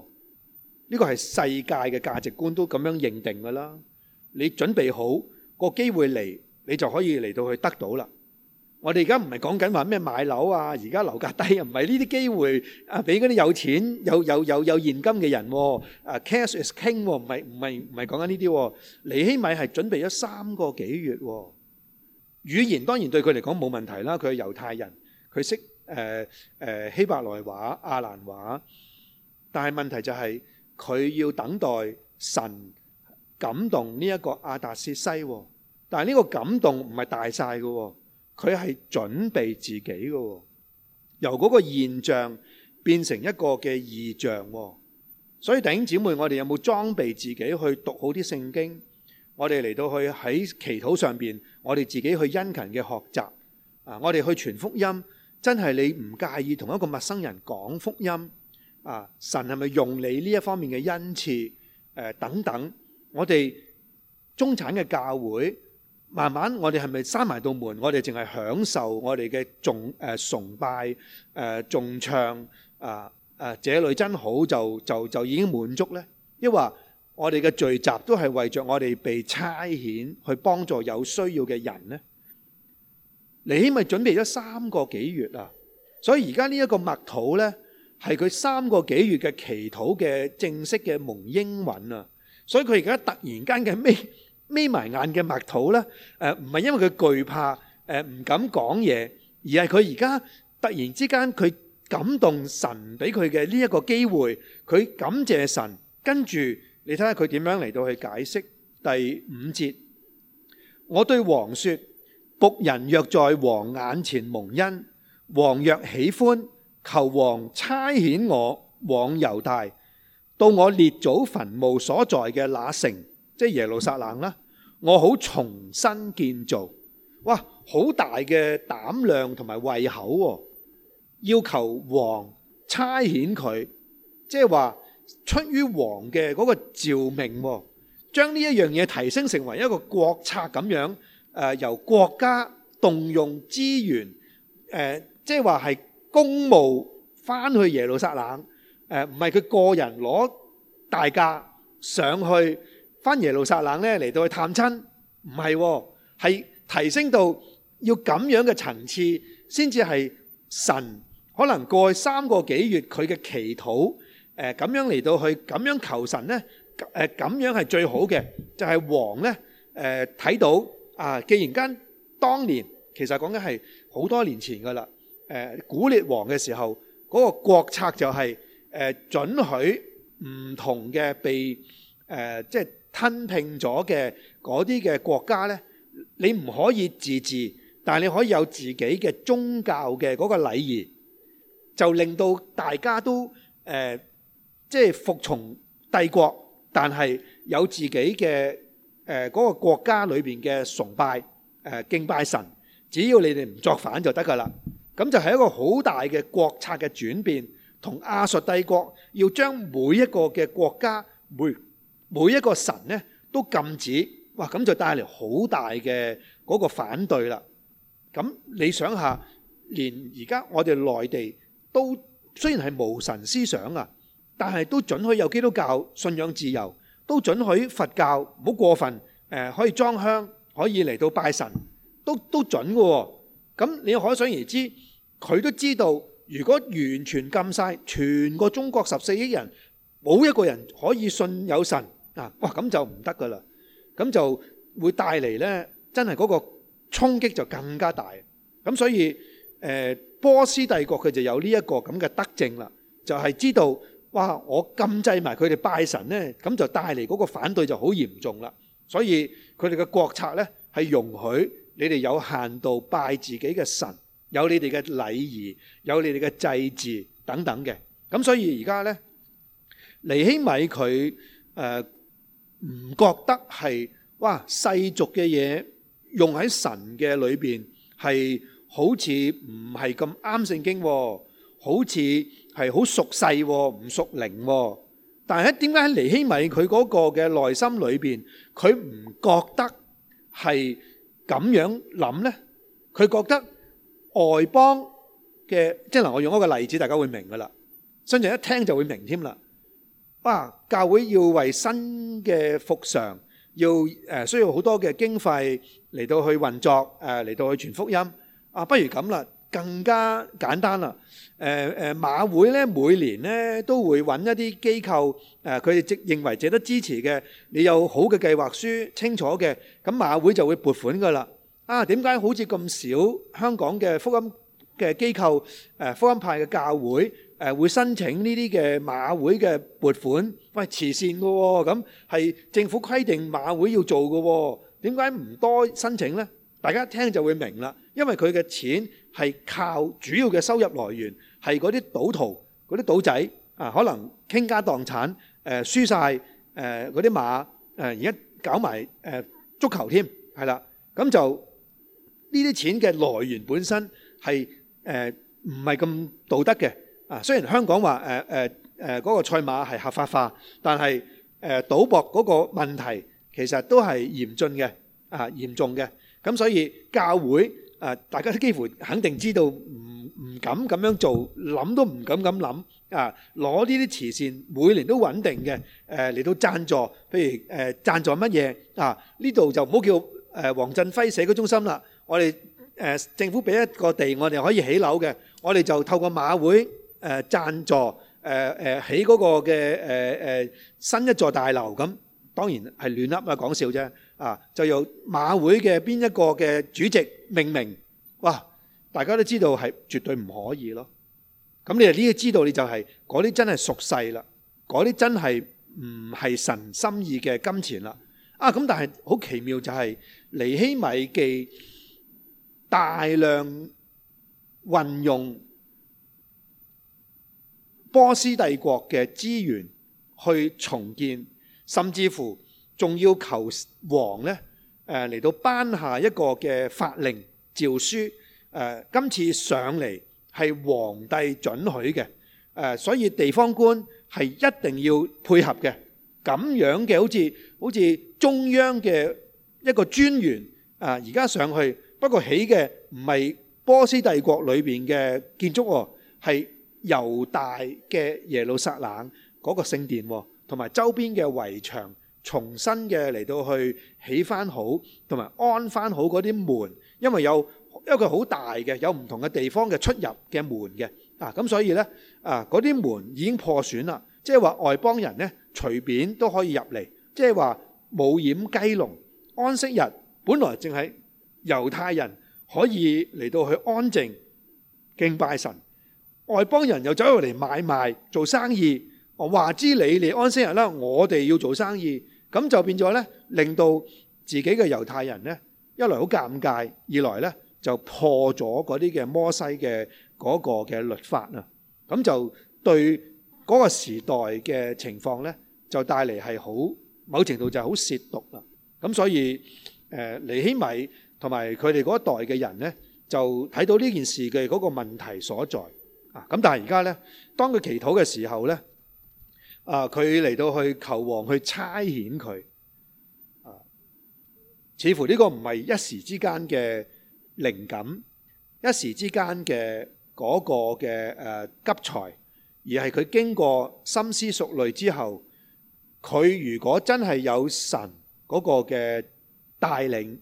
這個係世界嘅價值觀都咁樣認定嘅啦。你準備好，嗰個機會嚟，你就可以嚟到去得到啦。我哋而家唔係講緊話咩買樓啊！而家樓價低啊，唔係呢啲機會啊，俾嗰啲有錢、有有有有現金嘅人喎，啊 cash is king 喎，唔係唔係唔係講緊呢啲喎。尼希米係準備咗三個幾月喎，語言當然對佢嚟講冇問題啦，佢係猶太人，佢識誒誒希伯來話、亞蘭話，但係問題就係佢要等待神感動呢一個亞達斯西，但係呢個感動唔係大曬嘅喎。佢係準備自己嘅，由嗰個現象變成一個嘅異象。所以弟兄姊妹，我哋有冇裝備自己去讀好啲聖經？我哋嚟到去喺祈禱上面，我哋自己去殷勤嘅學習啊！我哋去傳福音，真係你唔介意同一個陌生人講福音啊？神係咪用你呢一方面嘅恩賜？等等，我哋中產嘅教會。慢慢，我哋係咪閂埋道門？我哋淨係享受我哋嘅崇誒崇拜誒，呃、重唱啊誒、呃呃，這裡真好就就就已經滿足呢？抑或我哋嘅聚集都係為着我哋被差遣去幫助有需要嘅人呢？你起咪準備咗三個幾月，個個月啊！所以而家呢一個麥土呢，係佢三個幾月嘅祈禱嘅正式嘅蒙應允啊！所以佢而家突然間嘅咩？眯埋眼嘅默禱啦，誒唔係因為佢懼怕，誒唔敢講嘢，而係佢而家突然之間佢感動神俾佢嘅呢一個機會，佢感謝神，跟住你睇下佢點樣嚟到去解釋第五節。我對王說：僕人若在王眼前蒙恩，王若喜歡，求王差遣我往猶大，到我列祖墳墓所在嘅那城，即係耶路撒冷啦。我好重新建造，哇！好大嘅膽量同埋胃口喎，要求王差遣佢，即係話出於王嘅嗰個召命，將呢一樣嘢提升成為一個國策咁樣，呃，由國家動用資源，呃，即係話係公務翻去耶路撒冷，唔係佢個人攞大價上去。翻耶路撒冷咧嚟到去探親？唔係，係提升到要咁樣嘅層次，先至係神，可能過去三個幾月，佢嘅祈禱，誒咁樣嚟到去咁樣求神咧，誒咁樣係最好嘅，就係、是、王咧誒睇到啊，既然間當年其實講緊係好多年前㗎啦，誒古列王嘅時候，嗰、那個國策就係准許唔同嘅被誒即係。呃就是吞併咗嘅嗰啲嘅國家咧，你唔可以自治，但係你可以有自己嘅宗教嘅嗰個禮儀，就令到大家都誒即係服從帝國，但係有自己嘅誒嗰個國家裏邊嘅崇拜誒、呃、敬拜神，只要你哋唔作反就得噶啦。咁就係一個好大嘅國策嘅轉變，同亞述帝國要將每一個嘅國家每。每一個神咧都禁止，哇！咁就帶嚟好大嘅嗰個反對啦。咁你想下，連而家我哋內地都雖然係無神思想啊，但係都準許有基督教信仰自由，都準許佛教唔好過分誒，可以裝香，可以嚟到拜神，都都準嘅喎。咁你可想而知，佢都知道，如果完全禁晒，全個中國十四億人冇一個人可以信有神。啊、哇！咁就唔得噶啦，咁就會帶嚟呢，真係嗰個衝擊就更加大。咁所以、呃，波斯帝國佢就有呢一個咁嘅德政啦，就係、是、知道，哇！我禁制埋佢哋拜神呢，咁就帶嚟嗰個反對就好嚴重啦。所以佢哋嘅國策呢，係容許你哋有限度拜自己嘅神，有你哋嘅禮儀，有你哋嘅祭祀等等嘅。咁所以而家呢，尼希米佢唔覺得係哇，世俗嘅嘢用喺神嘅裏邊，係好似唔係咁啱聖經，好似係好屬世唔屬靈。但係點解喺尼希米佢嗰個嘅內心裏邊，佢唔覺得係咁樣諗呢？佢覺得外邦嘅，即係嗱，我用一個例子，大家會明噶啦，甚至一聽就會明添啦。哇、啊！教會要為新嘅復常，要誒、呃、需要好多嘅經費嚟到去運作，誒、呃、嚟到去傳福音。啊，不如咁啦，更加簡單啦。誒、呃、誒、呃，馬會咧每年咧都會揾一啲機構，誒佢哋借認為值得支持嘅，你有好嘅計劃書清楚嘅，咁、呃、馬會就會撥款噶啦。啊，點解好似咁少香港嘅福音嘅機構，誒、呃、福音派嘅教會？誒會申請呢啲嘅馬會嘅撥款，喂，慈善嘅喎，咁係政府規定馬會要做嘅喎，點解唔多申請呢？大家一聽就會明啦，因為佢嘅錢係靠主要嘅收入來源係嗰啲賭徒、嗰啲賭仔啊，可能傾家蕩產，誒輸曬，誒嗰啲馬，誒而家搞埋誒足球添，係啦，咁就呢啲錢嘅來源本身係誒唔係咁道德嘅。啊，雖然香港話誒誒誒嗰個賽馬係合法化，但係誒、啊、賭博嗰個問題其實都係嚴峻嘅啊，嚴重嘅。咁、啊、所以教會啊，大家都幾乎肯定知道唔唔敢咁樣做，諗都唔敢咁諗啊。攞呢啲慈善每年都穩定嘅誒嚟到贊助，譬如誒、啊、贊助乜嘢啊？呢度就唔好叫誒黃振輝社區中心啦。我哋誒、啊、政府俾一個地，我哋可以起樓嘅，我哋就透過馬會。誒、呃、贊助誒誒、呃、起嗰個嘅誒、呃呃、新一座大樓咁，當然係亂噏啊，講笑啫啊！就由馬會嘅邊一個嘅主席命名，哇！大家都知道係絕對唔可以咯。咁你呢啲知道你就係嗰啲真係屬世啦，嗰啲真係唔係神心意嘅金錢啦。啊咁，但係好奇妙就係尼希米記大量運用。波斯帝國嘅資源去重建，甚至乎仲要求王呢誒嚟到頒下一個嘅法令詔書，呃，今次上嚟係皇帝准許嘅，呃，所以地方官係一定要配合嘅。咁樣嘅好似好似中央嘅一個專員啊，而家上去不過起嘅唔係波斯帝國裏邊嘅建築喎，係，猶大嘅耶路撒冷嗰個聖殿，同埋周邊嘅圍牆，重新嘅嚟到去起翻好，同埋安翻好嗰啲門，因為有因為佢好大嘅，有唔同嘅地方嘅出入嘅門嘅啊，咁所以咧啊嗰啲門已經破損啦，即係話外邦人咧隨便都可以入嚟，即係話冇掩雞籠安息日，本來淨係猶太人可以嚟到去安靜敬拜神。外邦人又走入嚟買賣,做生意,話之你哋,安息人啦,我哋要做生意。咁就變咗呢,令到自己嘅猶太人呢,一來好尷尬,二來呢,就破咗嗰啲嘅摩西嘅嗰個嘅律法。咁就,對嗰個時代嘅情況呢,就帶嚟係好,某程度就係好褻瀆。咁所以,呃,尼希米同埋佢哋嗰一代嘅人呢,就睇到呢件事嘅嗰個問題所在,啊！咁但係而家呢，當佢祈禱嘅時候呢，啊，佢嚟到去求王去差遣佢啊，似乎呢個唔係一時之間嘅靈感，一時之間嘅嗰個嘅誒、啊、急才，而係佢經過深思熟慮之後，佢如果真係有神嗰個嘅帶領，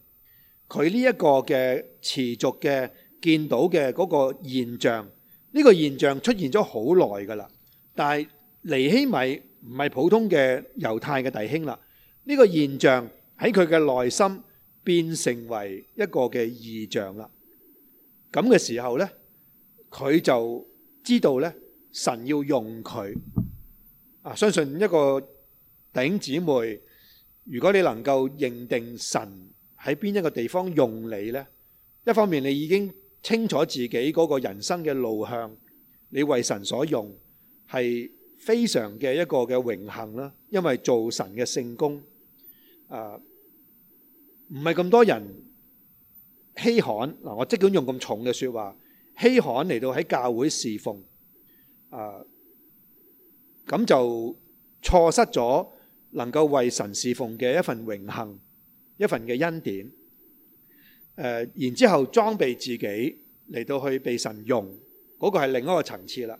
佢呢一個嘅持續嘅見到嘅嗰個現象。呢個現象出現咗好耐噶啦，但係尼希米唔係普通嘅猶太嘅弟兄啦。呢個現象喺佢嘅內心變成為一個嘅異象啦。咁嘅時候呢，佢就知道呢神要用佢。啊，相信一個弟兄姊妹，如果你能夠認定神喺邊一個地方用你呢，一方面你已經，清楚自己嗰個人生嘅路向，你為神所用係非常嘅一個嘅榮幸啦。因為做神嘅聖工，啊，唔係咁多人稀罕嗱。我即管用咁重嘅說話，稀罕嚟到喺教會侍奉，啊，咁就錯失咗能夠為神侍奉嘅一份榮幸，一份嘅恩典。誒，然之後裝備自己嚟到去被神用，嗰、那個係另一個層次啦。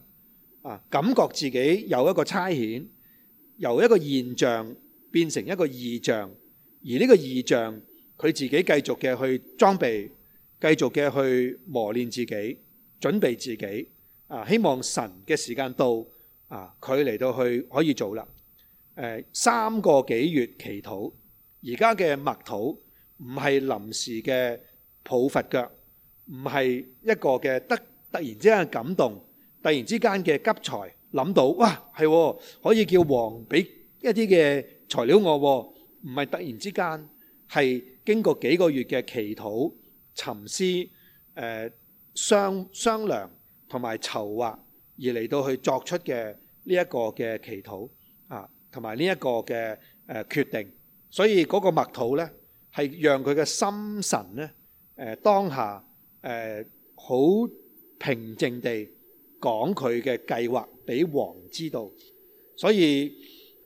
啊，感覺自己有一個差遣，由一個現象變成一個異象，而呢個異象佢自己繼續嘅去裝備，繼續嘅去磨練自己，準備自己。啊，希望神嘅時間到，啊，佢嚟到去可以做啦、啊。三個幾月祈禱，而家嘅麥土。唔係臨時嘅抱佛腳，唔係一個嘅得突然之間嘅感動，突然之間嘅急才諗到，哇，係可以叫王俾一啲嘅材料我，唔係突然之間，係經過幾個月嘅祈禱、沉思、誒、呃、商商量同埋籌劃而嚟到去作出嘅呢一個嘅祈禱啊，同埋呢一個嘅誒決定，所以嗰個麥土呢。係讓佢嘅心神咧，誒當下誒好平靜地講佢嘅計劃俾王知道。所以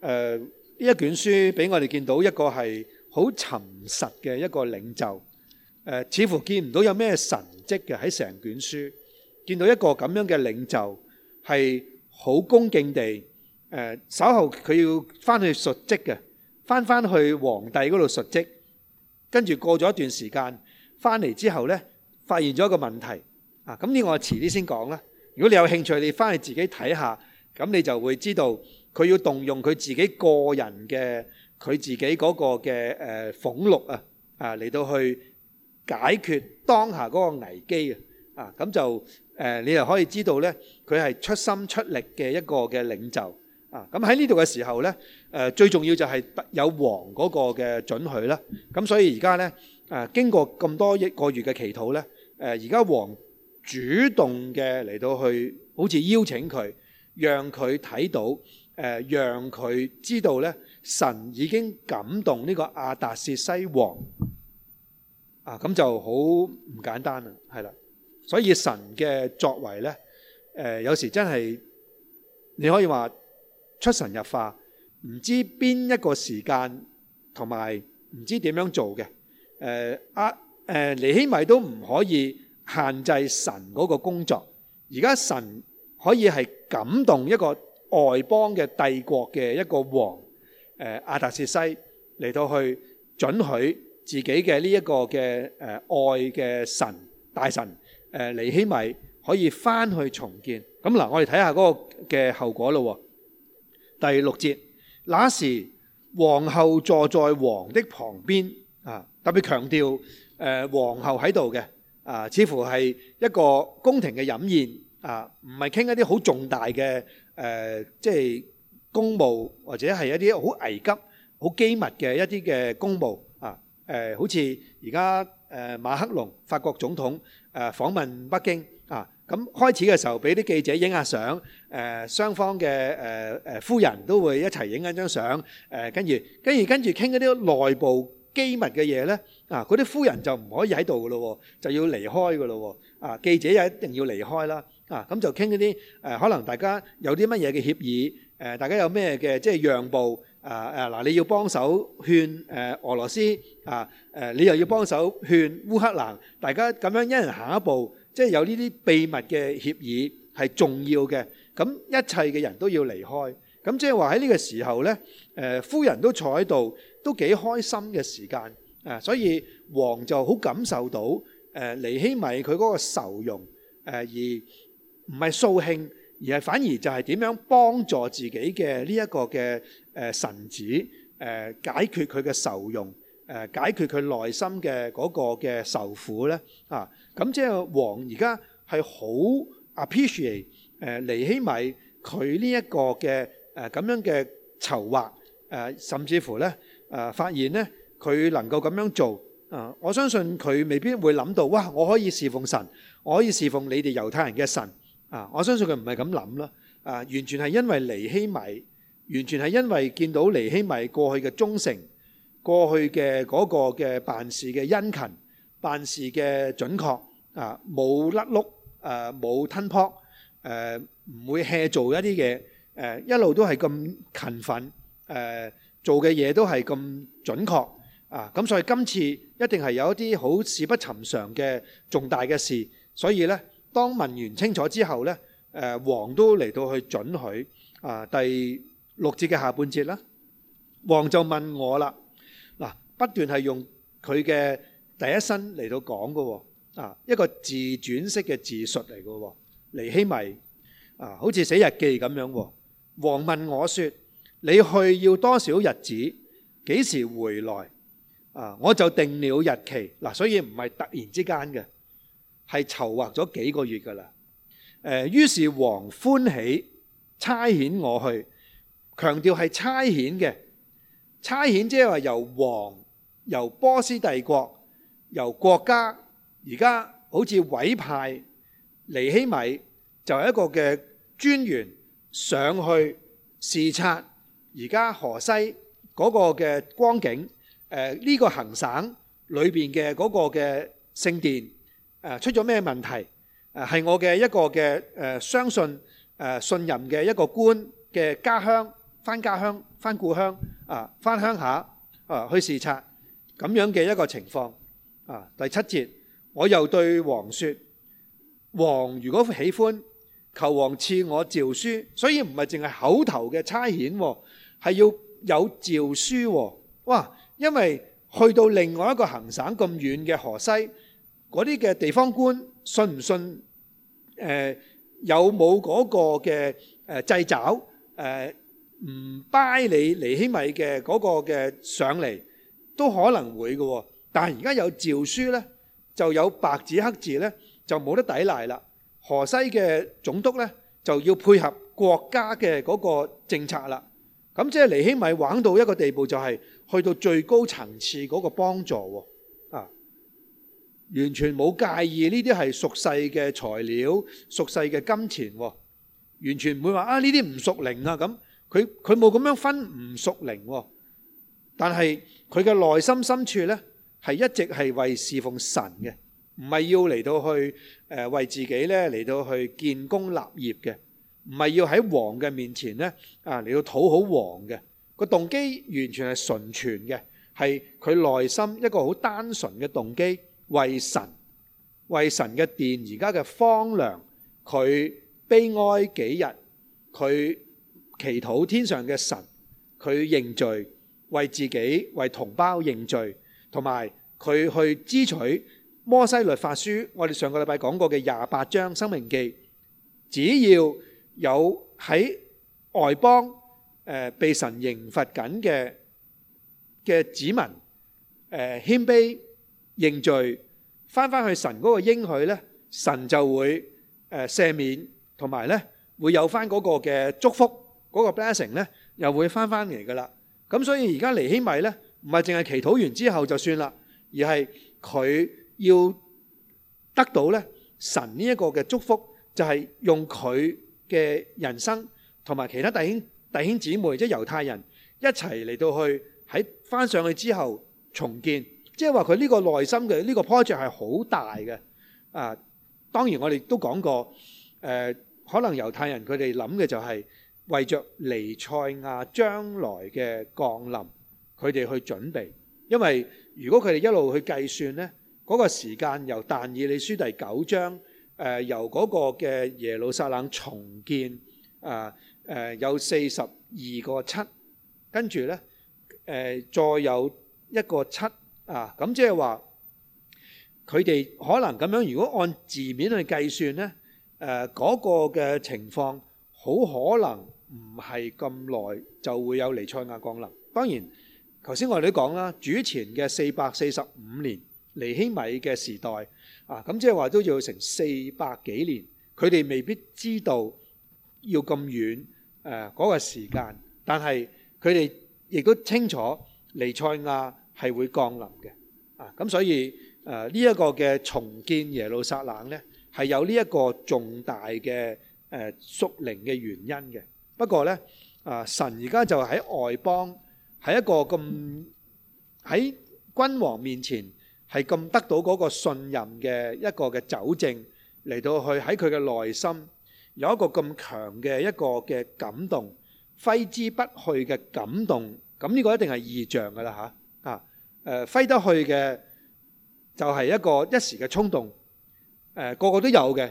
誒呢一卷書俾我哋見到一個係好沉實嘅一個領袖。誒，似乎見唔到有咩神跡嘅喺成卷書，見到一個咁樣嘅領袖係好恭敬地，誒稍後佢要翻去述職嘅，翻翻去皇帝嗰度述職。跟住過咗一段時間，翻嚟之後咧，發現咗一個問題啊！咁呢個我遲啲先講啦。如果你有興趣，你翻去自己睇下，咁你就會知道佢要動用佢自己個人嘅佢自己嗰個嘅誒俸祿啊啊嚟到去解決當下嗰個危機啊！咁就誒你又可以知道咧，佢係出心出力嘅一個嘅領袖。咁喺呢度嘅時候呢，誒、呃、最重要就係有王嗰個嘅准許啦。咁、啊、所以而家呢，誒、啊、經過咁多一個月嘅祈禱呢，誒而家王主動嘅嚟到去，好似邀請佢，讓佢睇到，誒、啊、讓佢知道呢，神已經感動呢個亞達士西王啊，咁、啊、就好唔簡單啦，係啦。所以神嘅作為呢，誒、啊、有時真係你可以話。出神入化，唔知邊一個時間同埋唔知點樣做嘅，誒阿誒尼希米都唔可以限制神嗰個工作。而家神可以係感動一個外邦嘅帝國嘅一個王，誒亞達薛西嚟到去准許自己嘅呢一個嘅誒愛嘅神大神誒、啊、尼希米可以返去重建。咁嗱，我哋睇下嗰個嘅後果咯。第六節，那時皇后坐在王的旁邊啊，特別強調誒皇后喺度嘅啊，似乎係一個宮廷嘅飲宴啊，唔係傾一啲好重大嘅誒，即、呃、係、就是、公務或者係一啲好危急、好機密嘅一啲嘅公務啊，誒、呃、好似而家誒馬克龍法國總統誒訪問北京。啊，咁開始嘅時候俾啲記者影下相，誒、呃、雙方嘅誒、呃、夫人都會一齊影緊張相，跟住跟住跟住傾嗰啲內部機密嘅嘢咧，啊嗰啲夫人就唔可以喺度噶咯，就要離開噶咯，啊記者又一定要離開啦，啊咁就傾嗰啲誒可能大家有啲乜嘢嘅協議，誒、啊、大家有咩嘅即係讓步，啊嗱、啊、你要幫手勸誒俄羅斯啊，誒、啊、你又要幫手勸烏克蘭，大家咁樣一人行一步。即係有呢啲秘密嘅協議係重要嘅，咁一切嘅人都要離開。咁即係話喺呢個時候咧，誒夫人都坐喺度，都幾開心嘅時間。誒，所以王就好感受到誒尼希米佢嗰個愁容，誒而唔係掃興，而係反而就係點樣幫助自己嘅呢一個嘅誒臣子誒解決佢嘅愁容，誒解決佢內心嘅嗰個嘅愁苦咧啊！咁即係王而家係好 appreciate 誒尼希米佢呢一個嘅誒咁樣嘅籌劃，甚至乎呢誒發現呢，佢能夠咁樣做啊！我相信佢未必會諗到哇！我可以侍奉神，我可以侍奉你哋猶太人嘅神啊！我相信佢唔係咁諗啦啊！完全係因為尼希米，完全係因為見到尼希米過去嘅忠誠，過去嘅嗰個嘅辦事嘅殷勤、辦事嘅準確。啊！冇甩碌，誒冇吞泡，誒唔會 hea 做一啲嘢，誒一路都係咁勤奮，誒做嘅嘢都係咁準確，啊！咁所以今次一定係有一啲好事不尋常嘅重大嘅事，所以咧，當問完清楚之後咧，誒王都嚟到去准許，啊，第六節嘅下半節啦，王就問我啦，嗱，不斷係用佢嘅第一身嚟到講嘅喎。啊，一個自傳式嘅自述嚟嘅，尼希米啊，好似寫日記咁樣。王問我說，說你去要多少日子？幾時回來？啊，我就定了日期。嗱，所以唔係突然之間嘅，係籌劃咗幾個月㗎喇。誒，於是王歡喜差遣我去，強調係差遣嘅。差遣即係話由王、由波斯帝國、由國家。而家好似委派尼希米就係一個嘅專員上去視察而家河西嗰個嘅光景，誒呢個行省裏邊嘅嗰個嘅聖殿，誒出咗咩問題？誒係我嘅一個嘅誒相信誒信任嘅一個官嘅家鄉，返家鄉返故鄉啊，返鄉下啊去視察咁樣嘅一個情況啊，第七節。我又對王說：王如果喜歡，求王賜我詔書。所以唔係淨係口頭嘅差遣，係要有詔書。哇！因為去到另外一個行省咁遠嘅河西，嗰啲嘅地方官信唔信？誒、呃，有冇嗰個嘅誒掣肘？誒、呃，唔 buy 你尼希米嘅嗰個嘅上嚟，都可能會嘅。但係而家有詔書呢。就有白紙黑字呢，就冇得抵賴啦。河西嘅總督呢，就要配合國家嘅嗰個政策啦。咁即係尼希米玩到一個地步，就係去到最高層次嗰個幫助喎。啊，啊，完全冇介意呢啲係屬世嘅材料、屬世嘅金錢，啊，完全唔會話啊呢啲唔屬靈啊咁。佢佢冇咁樣分唔屬靈，但係佢嘅內心深處呢。係一直係為侍奉神嘅，唔係要嚟到去誒、呃、為自己咧嚟到去建功立業嘅，唔係要喺王嘅面前咧啊嚟到討好王嘅，這個動機完全係純全嘅，係佢內心一個好單純嘅動機，為神為神嘅殿而家嘅荒涼，佢悲哀幾日，佢祈禱天上嘅神，佢認罪，為自己為同胞認罪。同埋佢去支取摩西律法書，我哋上個禮拜講過嘅廿八章申命記，只要有喺外邦，誒被神刑罰緊嘅嘅子民，誒謙卑認罪，翻翻去神嗰個應許咧，神就會誒赦免，同埋咧會有翻嗰個嘅祝福嗰個 blessing 咧，又會翻翻嚟噶啦。咁所以而家尼希米咧。唔係淨係祈禱完之後就算啦，而係佢要得到咧神呢一個嘅祝福，就係用佢嘅人生同埋其他弟兄弟兄姊妹，即係猶太人一齊嚟到去喺翻上去之後重建。即係話佢呢個內心嘅呢個 project 係好大嘅。啊，當然我哋都講過，誒，可能猶太人佢哋諗嘅就係為着尼賽亞將來嘅降臨。佢哋去準備，因為如果佢哋一路去計算咧，嗰個時間由但以理書第九章，誒由嗰個嘅耶路撒冷重建啊，誒有四十二個七，跟住咧誒再有一個七啊，咁即係話佢哋可能咁樣，如果按字面去計算咧，誒嗰個嘅情況好可能唔係咁耐就會有彌賽亞降臨，當然。頭先我哋都講啦，主前嘅四百四十五年尼希米嘅時代啊，咁即係話都要成四百幾年，佢哋未必知道要咁遠誒嗰個時間，但係佢哋亦都清楚彌賽亞係會降臨嘅啊，咁所以誒呢一個嘅重建耶路撒冷咧，係有呢一個重大嘅誒屬靈嘅原因嘅。不過咧啊，神而家就喺外邦。喺一個咁喺君王面前係咁得到嗰個信任嘅一個嘅酒政嚟到去，喺佢嘅內心有一個咁強嘅一個嘅感動，揮之不去嘅感動，咁呢個一定係異象㗎啦嚇啊，誒揮得去嘅就係一個一時嘅衝動，誒個個都有嘅，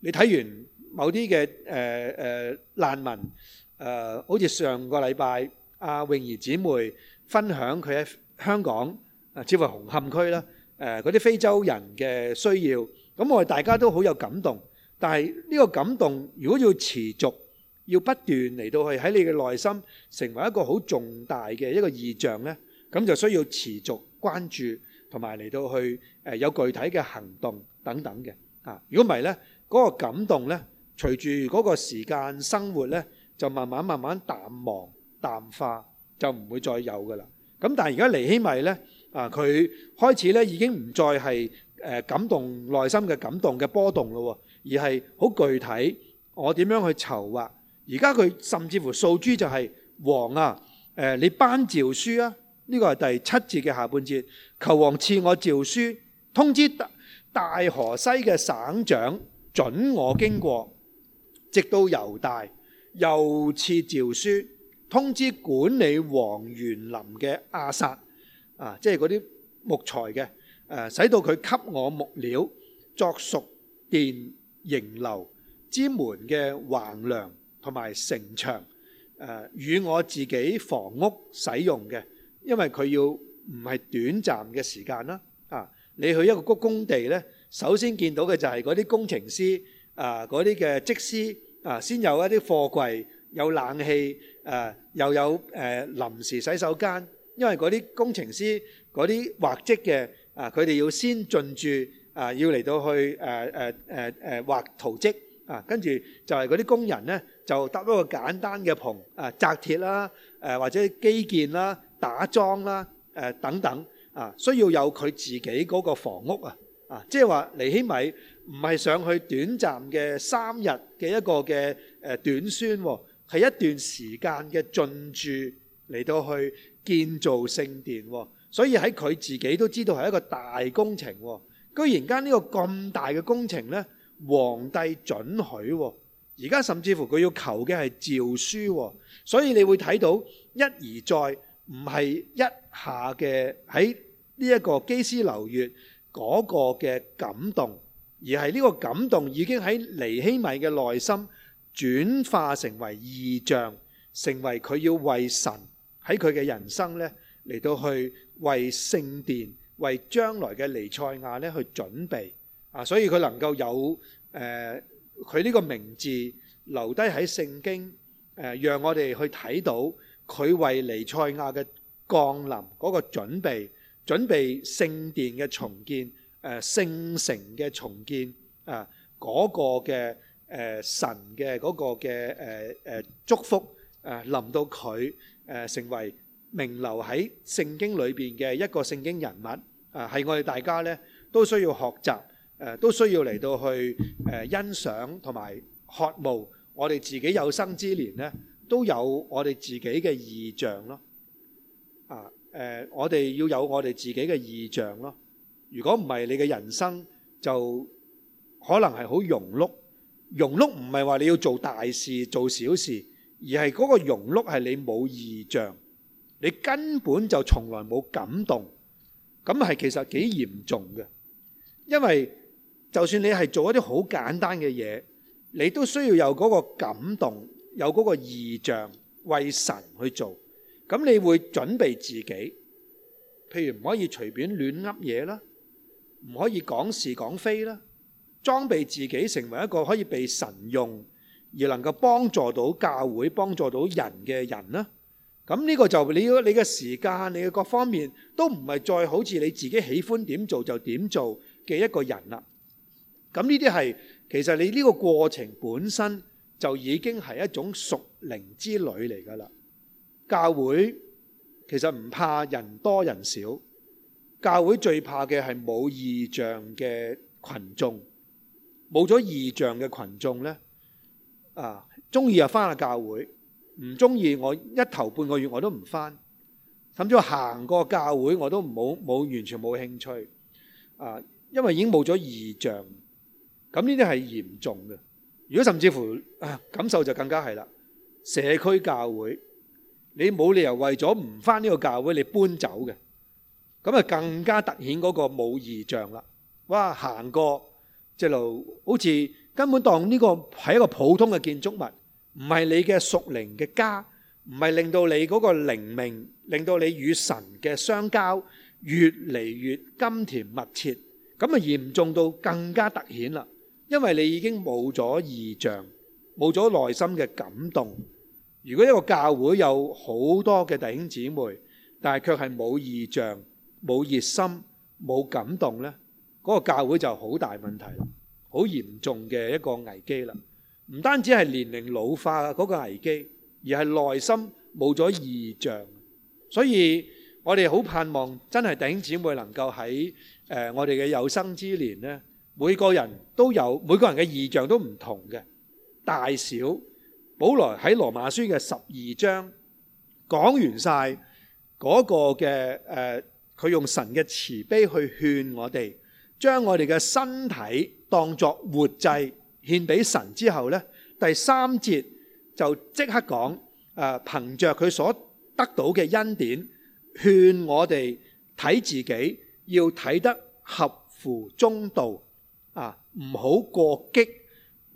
你睇完某啲嘅誒誒難民誒好似上個禮拜。阿泳兒姊妹分享佢喺香港啊，即係紅磡區啦，誒嗰啲非洲人嘅需要，咁我哋大家都好有感動。但係呢個感動，如果要持續，要不斷嚟到去喺你嘅內心成為一個好重大嘅一個異象咧，咁就需要持續關注同埋嚟到去誒有具體嘅行動等等嘅。啊，如果唔係咧，嗰個感動咧，隨住嗰個時間生活咧，就慢慢慢慢淡忘。淡化就唔會再有噶啦。咁但係而家尼希米呢，啊佢開始呢已經唔再係感動內心嘅感動嘅波動咯，而係好具體，我點樣去籌劃？而家佢甚至乎訴諸就係王啊，你頒詔書啊，呢個係第七節嘅下半節，求王賜我詔書，通知大河西嘅省長，準我經過，直到猶大，又賜詔書。通知管理王園林嘅亞薩啊，即係嗰啲木材嘅誒，使到佢給我木料作屬殿營樓之門嘅橫梁同埋城牆誒，與我自己房屋使用嘅，因為佢要唔係短暫嘅時間啦啊！你去一個谷工地咧，首先見到嘅就係嗰啲工程師啊，嗰啲嘅職司啊，先有一啲貨櫃有冷氣。誒又有誒臨時洗手間，因為嗰啲工程師嗰啲畫則嘅啊，佢哋要先進駐啊，要嚟到去誒誒誒誒畫圖則啊，跟住就係嗰啲工人咧就搭一個簡單嘅棚啊，紮鐵啦誒，或者基建啦、打樁啦誒等等啊，需要有佢自己嗰個房屋啊啊，即係話尼希米唔係上去短暫嘅三日嘅一個嘅誒短宣喎。係一段時間嘅進駐嚟到去建造聖殿，所以喺佢自己都知道係一個大工程。居然間呢個咁大嘅工程呢，皇帝准許，而家甚至乎佢要求嘅係詔書，所以你會睇到一而再，唔係一下嘅喺呢一個基斯流月嗰個嘅感動，而係呢個感動已經喺尼希米嘅內心。轉化成為異象，成為佢要為神喺佢嘅人生呢，嚟到去為聖殿、為將來嘅彌賽亞呢去準備啊！所以佢能夠有誒，佢、呃、呢個名字留低喺聖經誒、呃，讓我哋去睇到佢為彌賽亞嘅降臨嗰、那個準備，準備聖殿嘅重建、誒、呃、聖城嘅重建啊嗰、呃那個嘅。誒，神嘅嗰個嘅誒、誒祝福誒臨到佢，誒成為名流喺聖經裏邊嘅一個聖經人物啊，係我哋大家咧都需要學習誒，都需要嚟到去誒欣賞同埋渴慕我哋自己有生之年咧都有我哋自己嘅意象咯啊誒，我哋要有我哋自己嘅意象咯，如果唔係你嘅人生就可能係好庸碌。容碌唔係話你要做大事做小事，而係嗰個容碌係你冇異象，你根本就從來冇感動，咁係其實幾嚴重嘅。因為就算你係做一啲好簡單嘅嘢，你都需要有嗰個感動，有嗰個異象為神去做，咁你會準備自己，譬如唔可以隨便亂噏嘢啦，唔可以講是講非啦。裝備自己成為一個可以被神用而能夠幫助到教會、幫助到人嘅人啦。咁呢個就你要你嘅時間、你嘅各方面都唔係再好似你自己喜歡點做就點做嘅一個人啦。咁呢啲係其實你呢個過程本身就已經係一種屬靈之旅嚟噶啦。教會其實唔怕人多人少，教會最怕嘅係冇異象嘅群眾。冇咗異象嘅群眾呢，啊，中意就翻去教會，唔中意我一頭半個月我都唔翻，甚至我行過教會我都冇冇完全冇興趣，啊，因為已經冇咗異象，咁呢啲係嚴重嘅。如果甚至乎，啊，感受就更加係啦，社區教會你冇理由為咗唔翻呢個教會你搬走嘅，咁啊更加凸顯嗰個冇異象啦。哇，行過。即係路，好似根本當呢個係一個普通嘅建築物，唔係你嘅屬靈嘅家，唔係令到你嗰個靈命，令到你與神嘅相交越嚟越甘甜蜜切。咁啊嚴重到更加突顯啦，因為你已經冇咗異象，冇咗內心嘅感動。如果一個教會有好多嘅弟兄姊妹，但係卻係冇異象、冇熱心、冇感動呢？嗰個教會就好大問題，好嚴重嘅一個危機啦！唔單止係年齡老化嗰個危機，而係內心冇咗異象。所以我哋好盼望真係弟兄姊妹能夠喺誒我哋嘅有生之年咧，每個人都有，每個人嘅異象都唔同嘅大小。保羅喺羅馬書嘅十二章講完曬嗰個嘅誒，佢用神嘅慈悲去勸我哋。將我哋嘅身體當作活祭，獻俾神之後呢，第三節，就即刻講，呃，憑着佢所得到嘅恩典，勸我哋睇自己要睇得合乎中道，啊，唔好過激，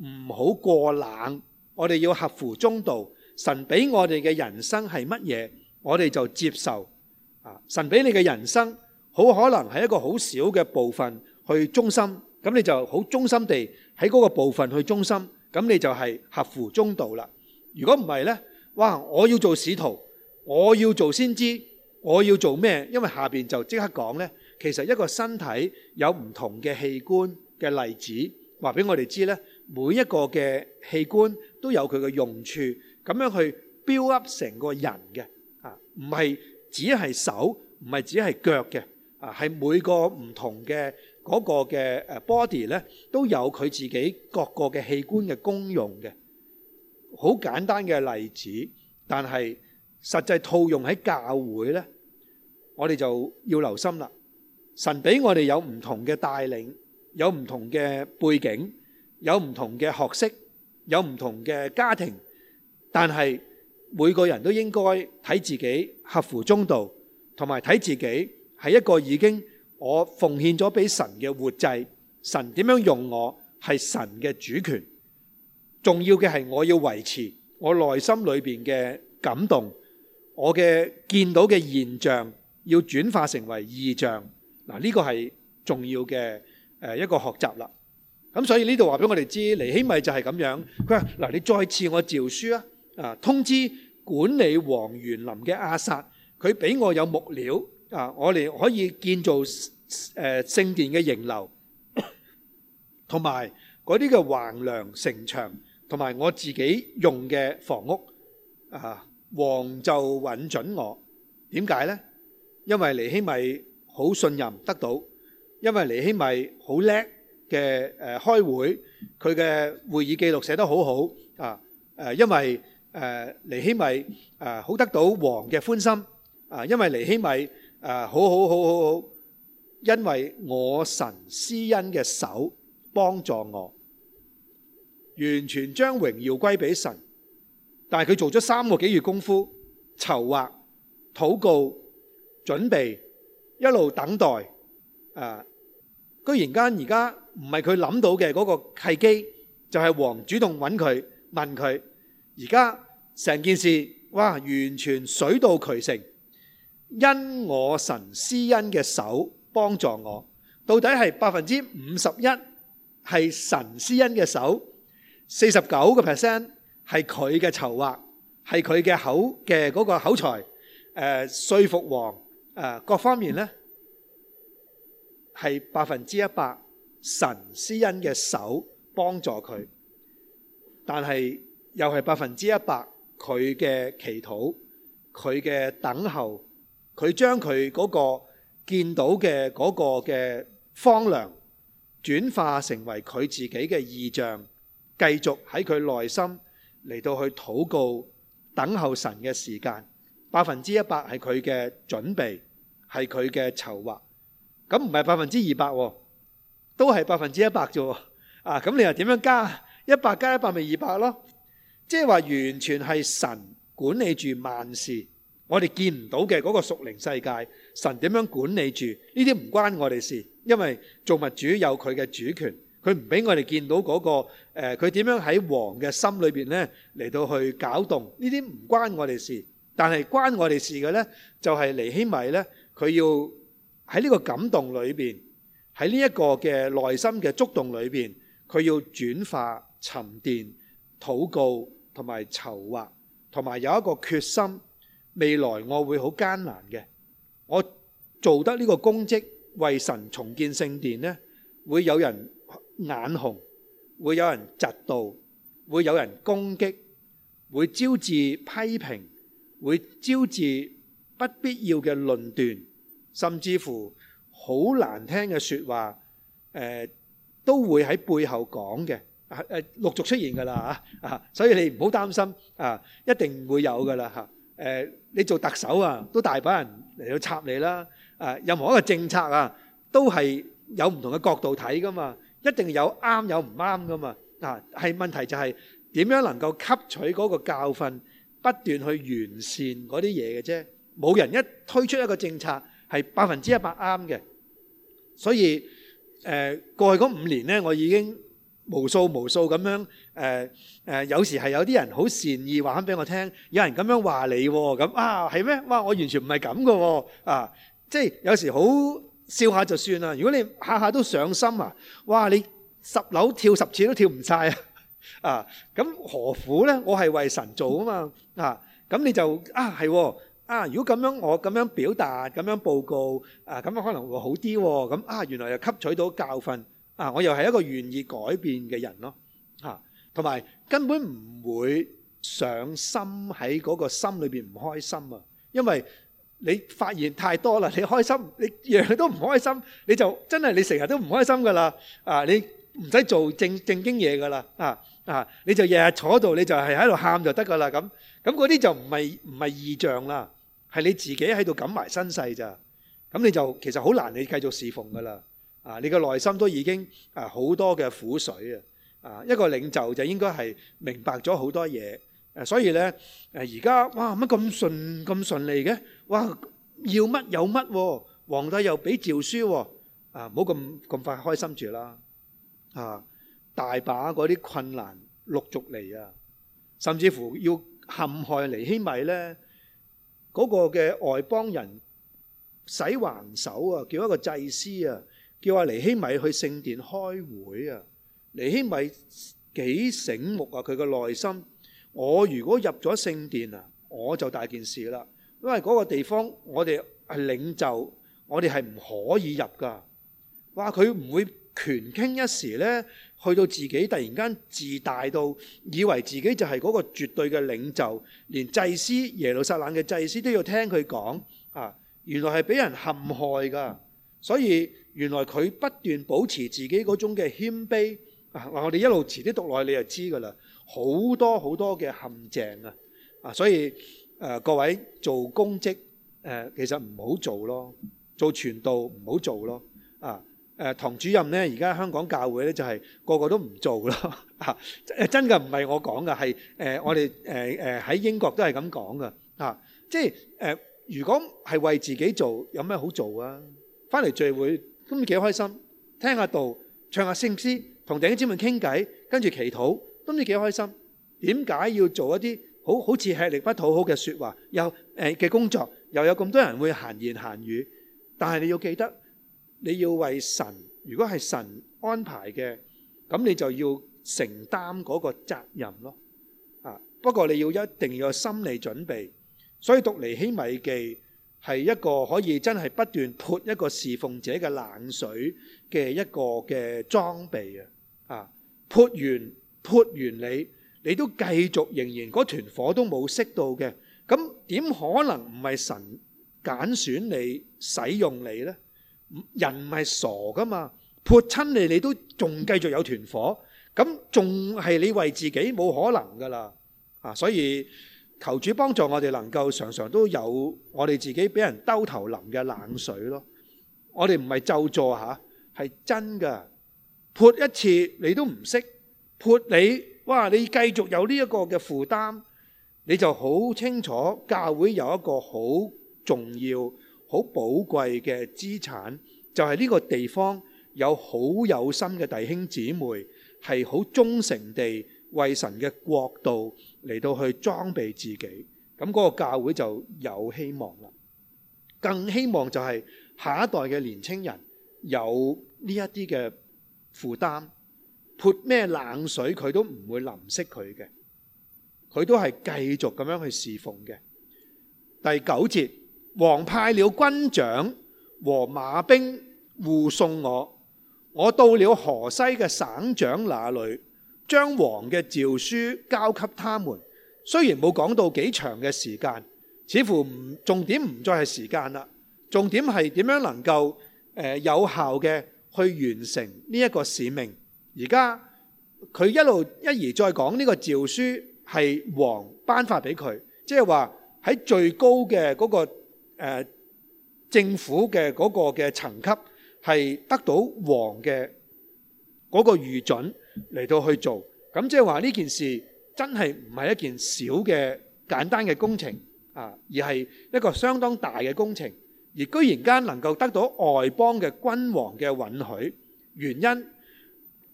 唔好過冷，我哋要合乎中道，神俾我哋嘅人生係乜嘢，我哋就接受。啊，神俾你嘅人生，好可能係一個好少嘅部分，去中心，咁你就好中心地喺嗰個部分去中心，咁你就係合乎中道啦。如果唔係咧，哇！我要做使徒，我要做先知，我要做咩？因為下邊就即刻講咧，其實一個身體有唔同嘅器官嘅例子，話俾我哋知咧，每一個嘅器官都有佢嘅用處，咁樣去 build up 成個人嘅啊，唔係只係手，唔係只係腳嘅啊，係每個唔同嘅。嗰個嘅誒 body 咧都有佢自己各個嘅器官嘅功用嘅，好簡單嘅例子。但係實際套用喺教會咧，我哋就要留心啦。神俾我哋有唔同嘅帶領，有唔同嘅背景，有唔同嘅學識，有唔同嘅家庭。但係每個人都應該睇自己合乎中道，同埋睇自己係一個已經。我奉獻咗俾神嘅活祭，神點樣用我係神嘅主權。重要嘅係我要維持我內心裏邊嘅感動，我嘅見到嘅現象要轉化成為異象。嗱、這、呢個係重要嘅誒一個學習啦。咁所以呢度話俾我哋知，尼希米就係咁樣。佢話嗱，你再賜我詔書啊，啊通知管理王園林嘅亞薩，佢俾我有木料。啊！我哋可以建造誒聖殿嘅營樓，同埋嗰啲嘅橫梁、城牆，同埋我自己用嘅房屋。啊！王就允準我，點解呢？因為尼希米好信任得到，因為尼希米好叻嘅誒開會，佢嘅會議記錄寫得好好。啊誒，因為誒尼希米啊好得到王嘅歡心。啊，因為尼希米。呃，好，好，好，好，好，因為我神施恩嘅手幫助我，完全將榮耀歸俾神，但係佢做咗三個幾月功夫，籌劃，禱告，準備，一路等待，呃，居然間而家唔係佢諗到嘅嗰個契機，就係王主動揾佢，問佢，而家成件事，哇，完全水到渠成，因我神施恩嘅手幫助我，到底係百分之五十一係神施恩嘅手，四十九個 percent 係佢嘅籌劃，係佢嘅口嘅嗰個口才，誒，說服王，誒各方面呢，係百分之一百神施恩嘅手幫助佢，但係又係百分之一百佢嘅祈禱，佢嘅等候。佢將佢嗰個見到嘅嗰個嘅荒涼轉化成為佢自己嘅異象，繼續喺佢內心嚟到去禱告、等候神嘅時間，百分之一百係佢嘅準備，係佢嘅籌劃。咁唔係百分之二百喎，都係百分之一百啫喎。啊，咁你又點樣加？一百加一百咪二百咯。即係話完全係神管理住萬事。我哋見唔到嘅嗰個屬靈世界，神點樣管理住呢啲唔關我哋事，因為造物主有佢嘅主權，佢唔俾我哋見到嗰個誒，佢點樣喺王嘅心裏邊呢，嚟到去攪動呢啲唔關我哋事，但係關我哋事嘅呢就係尼希米呢，佢要喺呢個感動裏邊，喺呢一個嘅內心嘅觸動裏邊，佢要轉化、沉澱、禱告同埋籌劃，同埋有一個決心。未來我會好艱難嘅，我做得呢個公職，為神重建聖殿咧，會有人眼紅，會有人嫉妒，會有人攻擊，會招致批評，會招致不必要嘅論斷，甚至乎好難聽嘅説話，誒都會喺背後講嘅，啊誒，陸續出現噶啦嚇，啊，所以你唔好擔心啊，一定會有噶啦嚇。誒，你做特首啊，都大把人嚟到插你啦！啊，任何一個政策啊，都係有唔同嘅角度睇㗎嘛，一定有啱有唔啱㗎嘛。嗱，係問題就係點樣能夠吸取嗰個教訓，不斷去完善嗰啲嘢嘅啫。冇人一推出一個政策係百分之一百啱嘅，所以誒，過去嗰五年咧，我已經，無數無數咁樣，誒，有時係有啲人好善意話翻俾我聽，有人咁樣話你喎，咁啊係咩？哇！我完全唔係咁嘅喎，啊，即係有時好笑下就算啦。如果你下下都上心啊，哇！你十樓跳十次都跳唔晒啊，咁、啊、何苦呢？我係為神做啊嘛，啊咁、啊、你就啊係啊，如果咁樣我咁樣表達、咁樣報告啊，咁可能會好啲喎。咁啊，啊原來又吸取到教訓。啊！我又係一個願意改變嘅人咯，嚇，同埋根本唔會上心喺嗰個心裏邊唔開心啊！因為你發現太多啦，你開心，你日日都唔開心，你就真係你成日都唔開心噶啦！啊，你唔使做正正經嘢噶啦，啊啊，你就日日坐喺度，你就係喺度喊就得噶啦咁。咁嗰啲就唔係唔係異象啦，係你自己喺度感懷身世咋？咁你就其實好難你繼續侍奉噶啦。啊！你嘅內心都已經啊好多嘅苦水啊！啊，一個領袖就應該係明白咗好多嘢。誒，所以咧誒，而家哇乜咁順咁順利嘅？哇，要乜有乜喎？皇帝又俾詔書喎！啊，唔好咁咁快開心住啦！啊，大把嗰啲困難陸續嚟啊，甚至乎要陷害尼希米咧嗰個嘅外邦人使還手啊，叫一個祭司啊～叫阿尼希米去聖殿開會啊！尼希米幾醒目啊！佢個內心，我如果入咗聖殿啊，我就大件事啦。因為嗰個地方我哋係領袖，我哋係唔可以入噶。哇！佢唔會權傾一時呢，去到自己突然間自大到以為自己就係嗰個絕對嘅領袖，連祭司、耶路撒冷嘅祭司都要聽佢講啊！原來係俾人陷害噶，所以。原來佢不斷保持自己嗰種嘅謙卑，嗱，我哋一路遲啲讀落去，你就知㗎啦。好多好多嘅陷阱啊！啊，所以誒各位做公職誒，其實唔好做咯。做傳道唔好做咯。啊誒，唐主任咧，而家香港教會咧就係個個都唔做咯。啊，真真嘅唔係我講嘅，係誒我哋誒誒喺英國都係咁講嘅。啊，即係誒，如果係為自己做，有咩好做啊？返嚟聚會。咁幾開心，聽下道，唱下聖詩，同弟兄姊妹傾偈，跟住祈禱，都唔知幾開心。點解要做一啲好好似吃力不討好嘅説話，又誒嘅工作，又有咁多人會閒言閒語？但係你要記得，你要為神，如果係神安排嘅，咁你就要承擔嗰個責任咯。啊，不過你要一定要有心理準備。所以讀尼希米記。係一個可以真係不斷潑一個侍奉者嘅冷水嘅一個嘅裝備啊！啊，潑完潑完你，你都繼續仍然嗰團火都冇熄到嘅，咁點可能唔係神揀選你使用你呢？人唔係傻㗎嘛，潑親你你都仲繼續有團火，咁仲係你為自己冇可能㗎喇！啊，所以。求主幫助我哋能夠常常都有我哋自己俾人兜頭淋嘅冷水囉。我哋唔係咒做，係真㗎。潑一次，你都唔識。潑你，哇，你繼續有呢一個嘅負擔，你就好清楚，教會有一個好重要，好寶貴嘅資產，就係呢個地方，有好有心嘅弟兄姊妹，係好忠誠地，為神嘅國度，嚟到去裝備自己，咁、那、嗰個教會就有希望啦。更希望就係下一代嘅年青人有呢一啲嘅負擔，潑咩冷水佢都唔會淋熄佢嘅，佢都係繼續咁樣去侍奉嘅。第九節，王派了軍長和馬兵護送我，我到了河西嘅省長那裡。將王嘅詔書交給他們，雖然冇講到幾長嘅時間，似乎唔重點唔再係時間啦，重點係點樣能夠誒有效嘅去完成呢一個使命。而家佢一路一而再講呢個詔書係王頒發俾佢，即係話喺最高嘅嗰個誒政府嘅嗰個嘅層級係得到王嘅嗰個御准。嚟到去做，咁即係話呢件事真係唔係一件小嘅簡單嘅工程啊，而係一個相當大嘅工程。而居然間能夠得到外邦嘅君王嘅允許，原因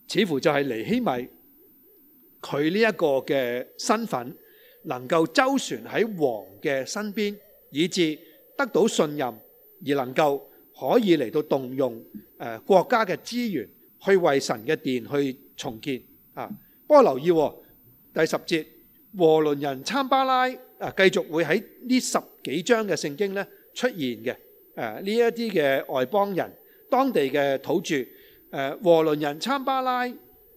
似乎就係尼希米佢呢一個嘅身份能夠周旋喺王嘅身邊，以至得到信任，而能夠可以嚟到動用誒國家嘅資源去為神嘅殿去。重建啊！不過留意喎、哦。第十節，和倫人參巴拉啊，繼續會喺呢十幾章嘅聖經呢出現嘅。誒、啊、呢一啲嘅外邦人、當地嘅土著誒、啊，和倫人參巴拉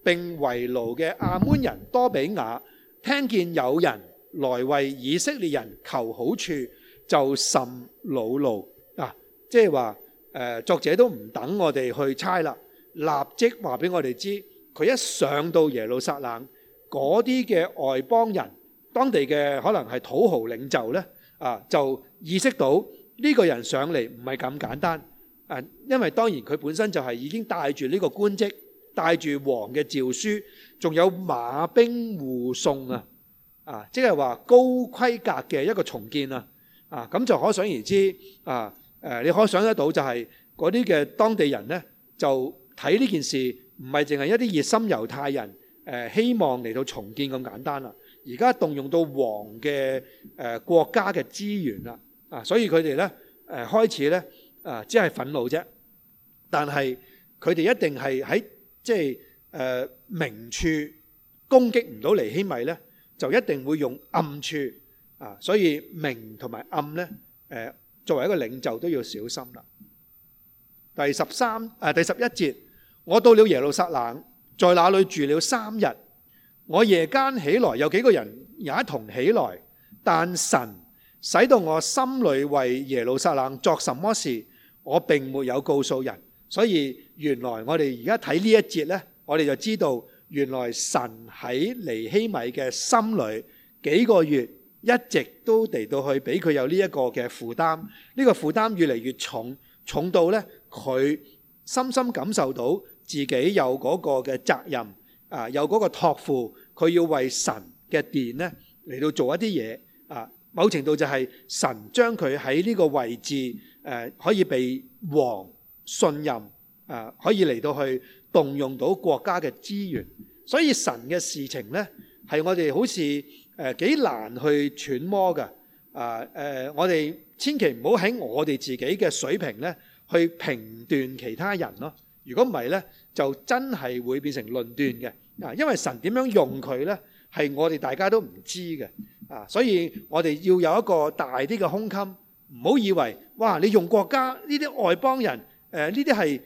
並為奴嘅亞捫人多比雅，聽見有人來為以色列人求好處，就甚惱怒。嗱、啊，即係話誒，作者都唔等我哋去猜啦，立即話俾我哋知。佢一上到耶路撒冷，嗰啲嘅外邦人、當地嘅可能係土豪領袖呢，啊，就意識到呢個人上嚟唔係咁簡單，因為當然佢本身就係已經帶住呢個官職，帶住王嘅詔書，仲有馬兵護送啊，啊，即係話高規格嘅一個重建啊，啊，咁就可想而知，啊，誒，你可以想得到就係嗰啲嘅當地人呢，就睇呢件事。唔係淨係一啲熱心猶太人，誒，希望嚟到重建咁簡單啦，而家動用到王嘅，誒，國家嘅資源啦，啊，所以佢哋咧，誒，開始咧啊，只係憤怒啫。但係佢哋一定係喺即係，誒，明處攻擊唔到尼希米咧，就一定會用暗處啊，所以明同埋暗咧，誒，作為一個領袖都要小心啦。第十三，誒，第十一節。我到了耶路撒冷，在那裏住了三日。我夜間起來，有幾個人也同起來。但神使到我心裏為耶路撒冷作什麼事，我並沒有告訴人。所以原來我哋而家睇呢一節咧，我哋就知道原來神喺尼希米嘅心裏幾個月一直都嚟到去俾佢有呢一個嘅負擔。呢個負擔越嚟越重，重到咧佢深深感受到。自己有嗰個嘅責任啊，有嗰個託付，佢要為神嘅殿咧嚟到做一啲嘢啊。某程度就係神將佢喺呢個位置誒，可以被王信任啊，可以嚟到去動用到國家嘅資源。所以神嘅事情呢，係我哋好似誒幾難去揣摩嘅啊誒，我哋千祈唔好喺我哋自己嘅水平呢去評斷其他人咯。如果唔係呢，就真係會變成論斷嘅啊！因為神點樣用佢呢？係我哋大家都唔知嘅啊！所以我哋要有一個大啲嘅胸襟，唔好以為哇！你用國家呢啲外邦人，呢啲係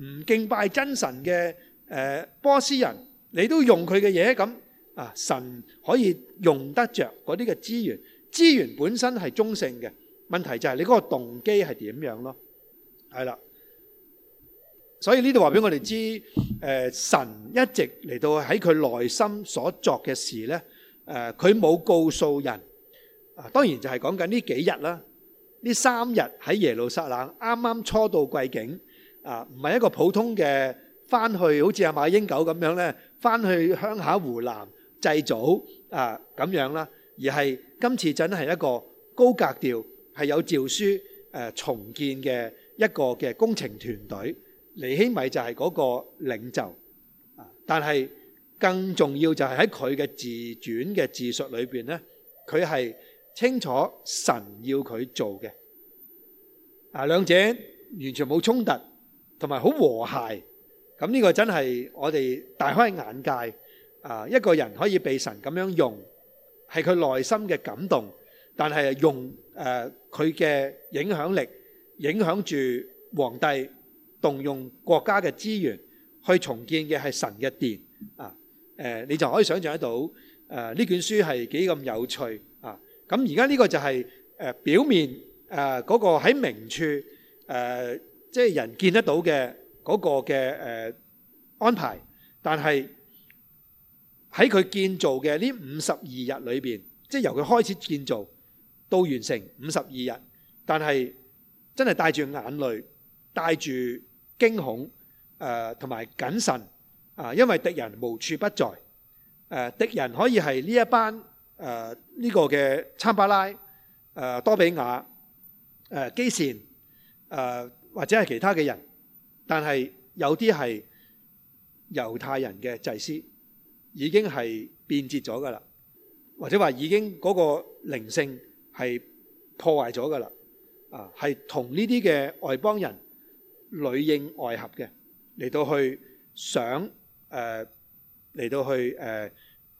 唔敬拜真神嘅、呃、波斯人，你都用佢嘅嘢咁啊！神可以用得着嗰啲嘅資源，資源本身係中性嘅，問題就係你嗰個動機係點樣咯？係啦。所以呢度話俾我哋知，誒、呃、神一直嚟到喺佢內心所作嘅事呢，誒，佢冇告訴人。啊，當然就係講緊呢幾日啦，呢、啊、三日喺耶路撒冷，啱啱初到貴境，啊，唔係一個普通嘅翻去，好似阿馬英九咁樣呢翻去鄉下湖南祭祖啊咁樣啦，而係今次真係一個高格調，係有詔書誒、啊、重建嘅一個嘅工程團隊。尼希米就係嗰個領袖，啊！但係更重要就係喺佢嘅自傳嘅自述裏邊咧，佢係清楚神要佢做嘅，啊兩者完全冇衝突，同埋好和諧。咁呢個真係我哋大開眼界，啊！一個人可以被神咁樣用，係佢內心嘅感動，但係用誒佢嘅影響力影響住皇帝。動用國家嘅資源去重建嘅，係神嘅殿啊！誒，你就可以想象得到，誒呢卷書係幾咁有趣啊！咁而家呢個就係誒表面誒嗰個喺明處誒即係人見得到嘅嗰個嘅誒安排，但係喺佢建造嘅呢五十二日裏便，即係由佢開始建造到完成五十二日，但係真係帶住眼淚帶住。驚恐，誒同埋謹慎，啊，因為敵人無處不在，誒，敵人可以係呢一班誒呢個嘅參巴拉、誒多比亞、誒基善，誒或者係其他嘅人，但係有啲係猶太人嘅祭司已經係變節咗㗎喇，或者話已經嗰個靈性係破壞咗㗎喇，啊，係同呢啲嘅外邦人。裏應外合嘅嚟到去想誒，嚟到去誒，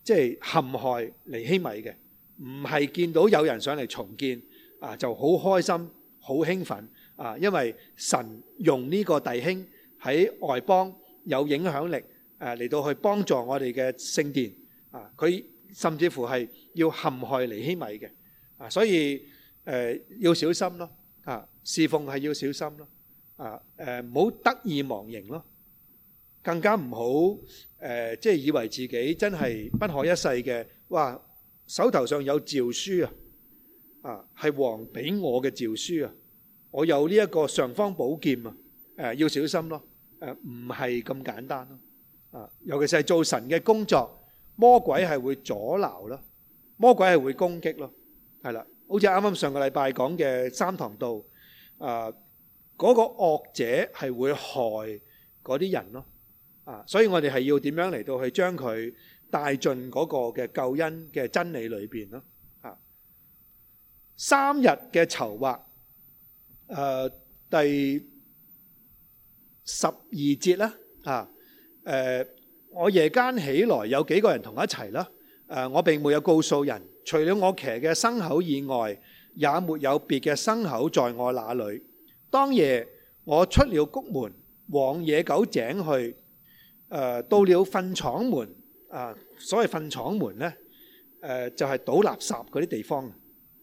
即係陷害尼希米嘅。唔係見到有人上嚟重建啊，就好開心好興奮啊！因為神用呢個弟兄喺外邦有影響力誒，嚟到去幫助我哋嘅聖殿啊，佢甚至乎係要陷害尼希米嘅啊，所以誒要小心咯啊，侍奉係要小心咯。啊！誒，唔好得意忘形咯，更加唔好誒，即係以為自己真係不可一世嘅。哇！手頭上有詔書啊，啊，係王俾我嘅詔書啊，我有呢一個尚方寶劍啊，誒，要小心咯，誒，唔係咁簡單咯，啊，尤其是係做神嘅工作，魔鬼係會阻撓咯，魔鬼係會攻擊咯，係啦，好似啱啱上個禮拜講嘅三堂道啊。嗰個惡者係會害嗰啲人咯啊，所以我哋係要點樣嚟到去將佢帶進嗰個嘅救恩嘅真理裏邊咯啊。三日嘅籌劃，誒，第十二節啦啊，誒，我夜間起來有幾個人同一齊啦。誒，我並沒有告訴人，除了我騎嘅牲口以外，也沒有別嘅牲口在我那裡。當夜我出了谷門，往野狗井去。誒，到了糞廠門。啊，所謂糞廠門咧，誒，就係倒垃圾嗰啲地方。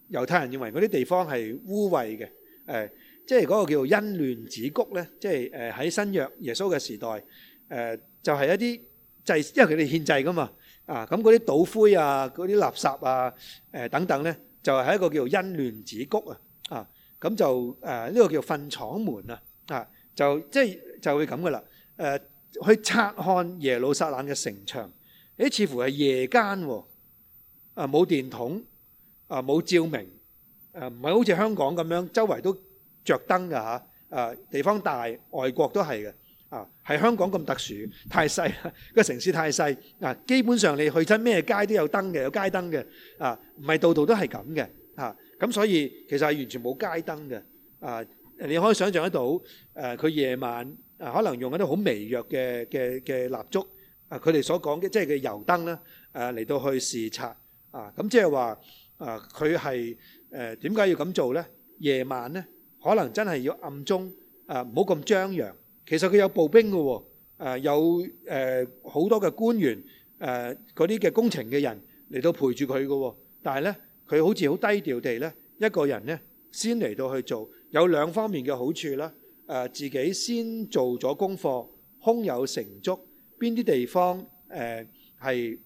猶太人認為嗰啲地方係污穢嘅。誒，即係嗰個叫欣嫩子谷咧，即係誒喺新約耶穌嘅時代，誒就係一啲就係因為佢哋獻祭噶嘛。啊，咁嗰啲倒灰啊，嗰啲垃圾啊，誒等等咧，就係一個叫欣嫩子谷啊。咁就誒呢個叫糞廠門啊，啊就即係就會咁噶啦，誒去察看耶路撒冷嘅城牆，誒似乎係夜間喎，啊冇電筒，啊冇照明，誒唔係好似香港咁樣，周圍都著燈噶嚇，啊地方大，外國都係嘅，啊係香港咁特殊，太細，個城市太細，嗱基本上你去親咩街都有燈嘅，有街燈嘅，啊唔係度度都係咁嘅，嚇。咁所以其實係完全冇街燈嘅，啊，你可以想象得到，誒，佢夜晚誒可能用一啲好微弱嘅嘅嘅蠟燭，啊，佢哋所講嘅即係嘅油燈咧，誒嚟到去視察，啊，咁即係話，啊，佢係誒點解要咁做咧？夜晚咧，可能真係要暗中，啊，唔好咁張揚。其實佢有步兵嘅喎，誒有誒好多嘅官員，誒嗰啲嘅工程嘅人嚟到陪住佢嘅喎，但係咧。佢好似好低調地咧，一個人咧先嚟到去做，有兩方面嘅好處啦。誒，自己先做咗功課，胸有成竹。邊啲地方誒係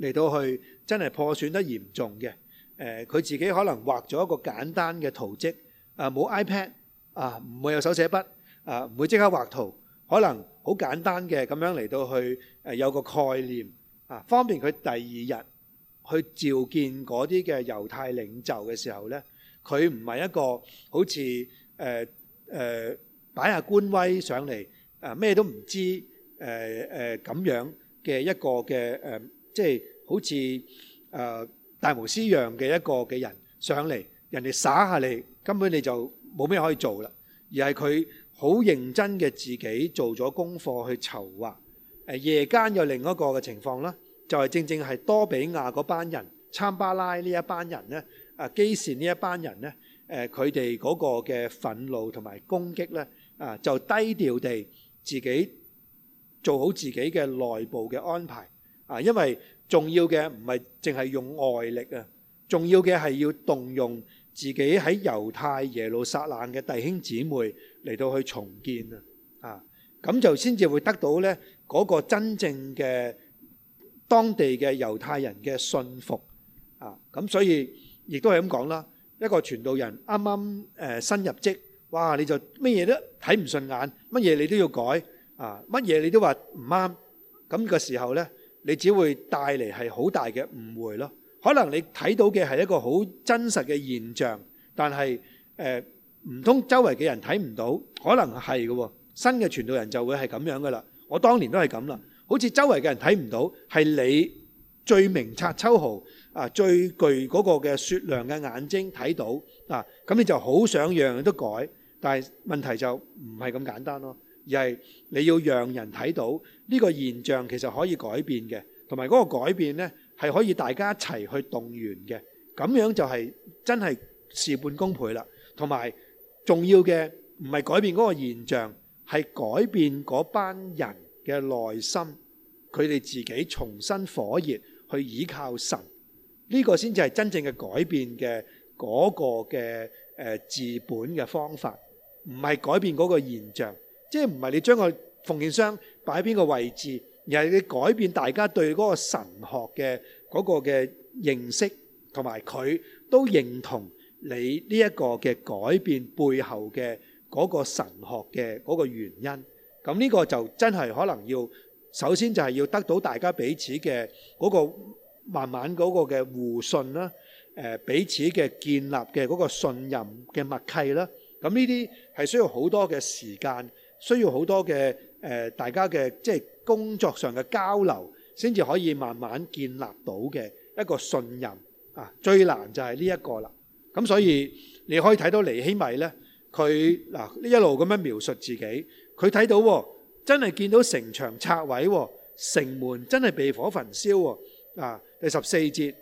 嚟到去真係破損得嚴重嘅？誒，佢自己可能畫咗一個簡單嘅圖蹟。誒，冇 iPad 啊，唔會有手寫筆啊，唔會即刻畫圖。可能好簡單嘅咁樣嚟到去誒，有個概念啊，方便佢第二日，去召見嗰啲嘅猶太領袖嘅時候呢，佢唔係一個好似誒誒，擺下官威上嚟啊，咩都唔知誒誒，咁樣嘅一個嘅誒，即係好似啊大巫師樣嘅一個嘅人上嚟，人哋撒下你，根本你就冇咩可以做啦，而係佢好認真嘅自己做咗功課去籌劃。誒，夜間有另一個嘅情況啦。就係正正係多比亞嗰班人、參巴拉呢一班人咧、啊基善呢一班人咧，誒佢哋嗰個嘅憤怒同埋攻擊咧，啊就低調地自己做好自己嘅內部嘅安排啊，因為重要嘅唔係淨係用外力啊，重要嘅係要動用自己喺猶太耶路撒冷嘅弟兄姊妹嚟到去重建啊，啊咁就先至會得到咧嗰個真正嘅。當地嘅猶太人嘅信服啊，咁所以亦都係咁講啦。一個傳道人啱啱誒新入職，哇！你就乜嘢都睇唔順眼，乜嘢你都要改啊，乜嘢你都話唔啱。咁個時候呢，你只會帶嚟係好大嘅誤會咯。可能你睇到嘅係一個好真實嘅現象，但係誒唔通周圍嘅人睇唔到？可能係嘅喎。新嘅傳道人就會係咁樣嘅啦。我當年都係咁啦。好似周圍嘅人睇唔到，係你最明察秋毫啊，最具嗰個嘅雪亮嘅眼睛睇到啊，咁你就好想樣樣都改，但係問題就唔係咁簡單咯，而係你要讓人睇到呢個現象其實可以改變嘅，同埋嗰個改變呢係可以大家一齊去動員嘅，咁樣就係真係事半功倍啦。同埋重要嘅唔係改變嗰個現象，係改變嗰班人。嘅內心，佢哋自己重新火熱去倚靠神，呢個先至係真正嘅改變嘅嗰個嘅誒、呃、治本嘅方法，唔係改變嗰個現象，即係唔係你將個奉獻箱擺喺邊個位置，而係你改變大家對嗰個神學嘅嗰個嘅認識，同埋佢都認同你呢一個嘅改變背後嘅嗰個神學嘅嗰個原因。咁呢個就真係可能要首先就係要得到大家彼此嘅嗰個慢慢嗰個嘅互信啦。誒，彼此嘅建立嘅嗰個信任嘅默契啦。咁呢啲係需要好多嘅時間，需要好多嘅誒，大家嘅即係工作上嘅交流，先至可以慢慢建立到嘅一個信任啊。最難就係呢一個啦。咁所以你可以睇到尼希米呢，佢嗱一路咁樣描述自己。佢睇到真係見到城牆拆毀，城門真係被火焚燒。啊，第十四節，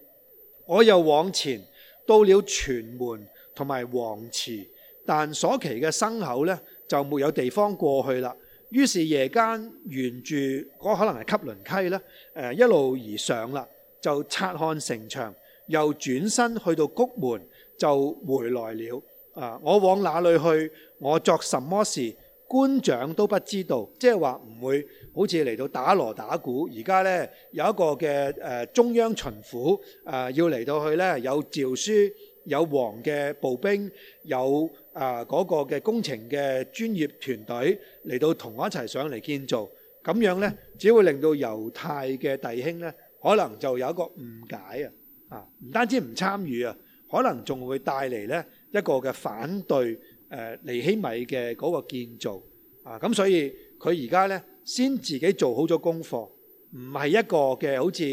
我又往前到了泉門同埋王池，但所騎嘅牲口呢，就沒有地方過去啦。於是夜間沿住嗰可能係汲淪溪咧，誒，一路而上啦，就察看城牆，又轉身去到谷門就回來了。啊，我往哪裏去？我作什麼事？官長都不知道，即係話唔會好似嚟到打鑼打鼓。而家呢，有一個嘅誒中央巡撫誒要嚟到去呢，有詔書，有王嘅步兵，有啊嗰個嘅工程嘅專業團隊嚟到同我一齊上嚟建造，咁樣呢只會令到猶太嘅弟兄呢可能就有一個誤解啊！啊，唔單止唔參與啊，可能仲會帶嚟呢一個嘅反對。誒尼希米嘅嗰個建造啊，咁所以佢而家咧先自己做好咗功課，唔係一個嘅好似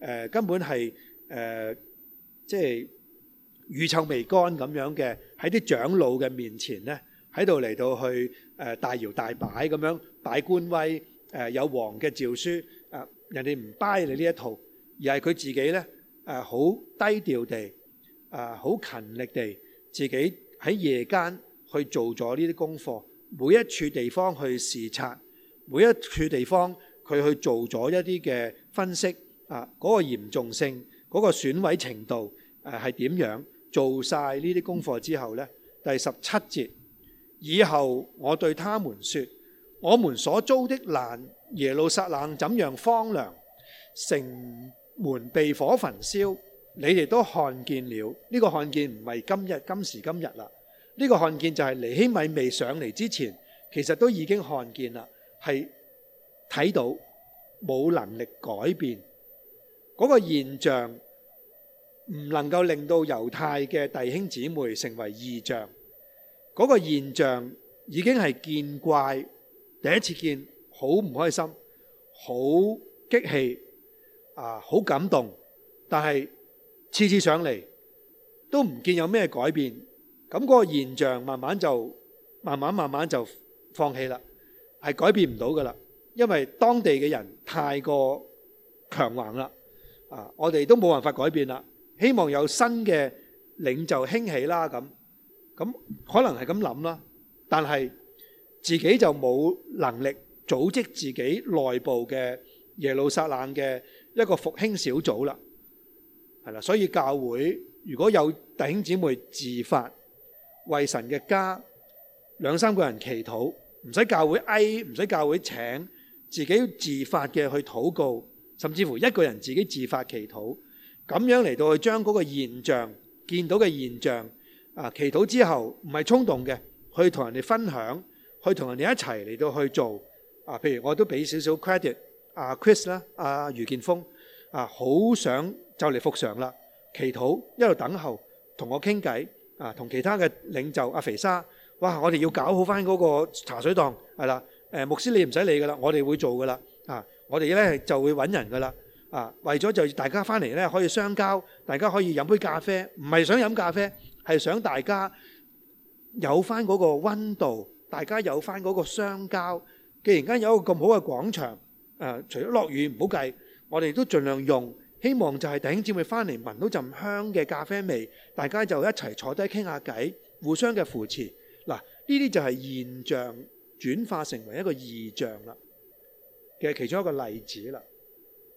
誒根本係誒即係乳臭未乾咁樣嘅，喺啲長老嘅面前咧，喺度嚟到去誒大搖大擺咁樣擺官威，誒有王嘅詔書，誒人哋唔 buy 你呢一套，而係佢自己咧誒好低調地，誒好勤力地，自己喺夜間，去做咗呢啲功課，每一處地方去視察，每一處地方佢去做咗一啲嘅分析，啊，嗰個嚴重性，嗰個損毀程度，誒係點樣？做晒呢啲功課之後呢，第十七節以後，我對他們說：「我們所遭的難，耶路撒冷怎樣荒涼，城門被火焚燒，你哋都看見了。」呢個看見唔係今日今時今日啦。呢個看見就係尼希米未上嚟之前，其實都已經看見啦，係睇到冇能力改變嗰個現象，唔能夠令到猶太嘅弟兄姊妹成為異象。嗰個現象已經係見怪，第一次見，好唔開心，好激氣，啊，好感動，但係次次上嚟都唔見有咩改變。咁嗰個現象慢慢就慢慢慢慢就放棄啦，係改變唔到噶啦，因為當地嘅人太過強橫啦，啊，我哋都冇辦法改變啦。希望有新嘅領袖興起啦，咁咁可能係咁諗啦，但係自己就冇能力組織自己內部嘅耶路撒冷嘅一個復興小組啦，係啦。所以教會如果有弟兄姊妹自發，為神嘅家兩三個人祈禱，唔使教會嗌，唔使教會請，自己自發嘅去禱告，甚至乎一個人自己自發祈禱，咁樣嚟到去將嗰個現象見到嘅現象啊，祈禱之後唔係衝動嘅，去同人哋分享，去同人哋一齊嚟到去做啊。譬如我都俾少少 credit，阿 Chris 啦，阿、啊、余建峰啊，好想就嚟復常啦，祈禱一路等候，同我傾偈。啊，同其他嘅領袖阿肥沙，哇！我哋要搞好翻嗰個茶水檔，係啦。誒，牧師你唔使理㗎喇，我哋會做㗎喇。啊，我哋咧就會揾人㗎喇。啊，為咗就大家翻嚟咧可以相交，大家可以飲杯咖啡，唔係想飲咖啡，係想大家有翻嗰個温度，大家有翻嗰個相交。既然間有個咁好嘅廣場，誒，除咗落雨唔好計，我哋都盡量用。希望就係弟兄姊妹翻嚟聞到陣香嘅咖啡味，大家就一齊坐低傾下偈，互相嘅扶持。嗱，呢啲就係現象轉化成為一個異象啦嘅其中一個例子啦。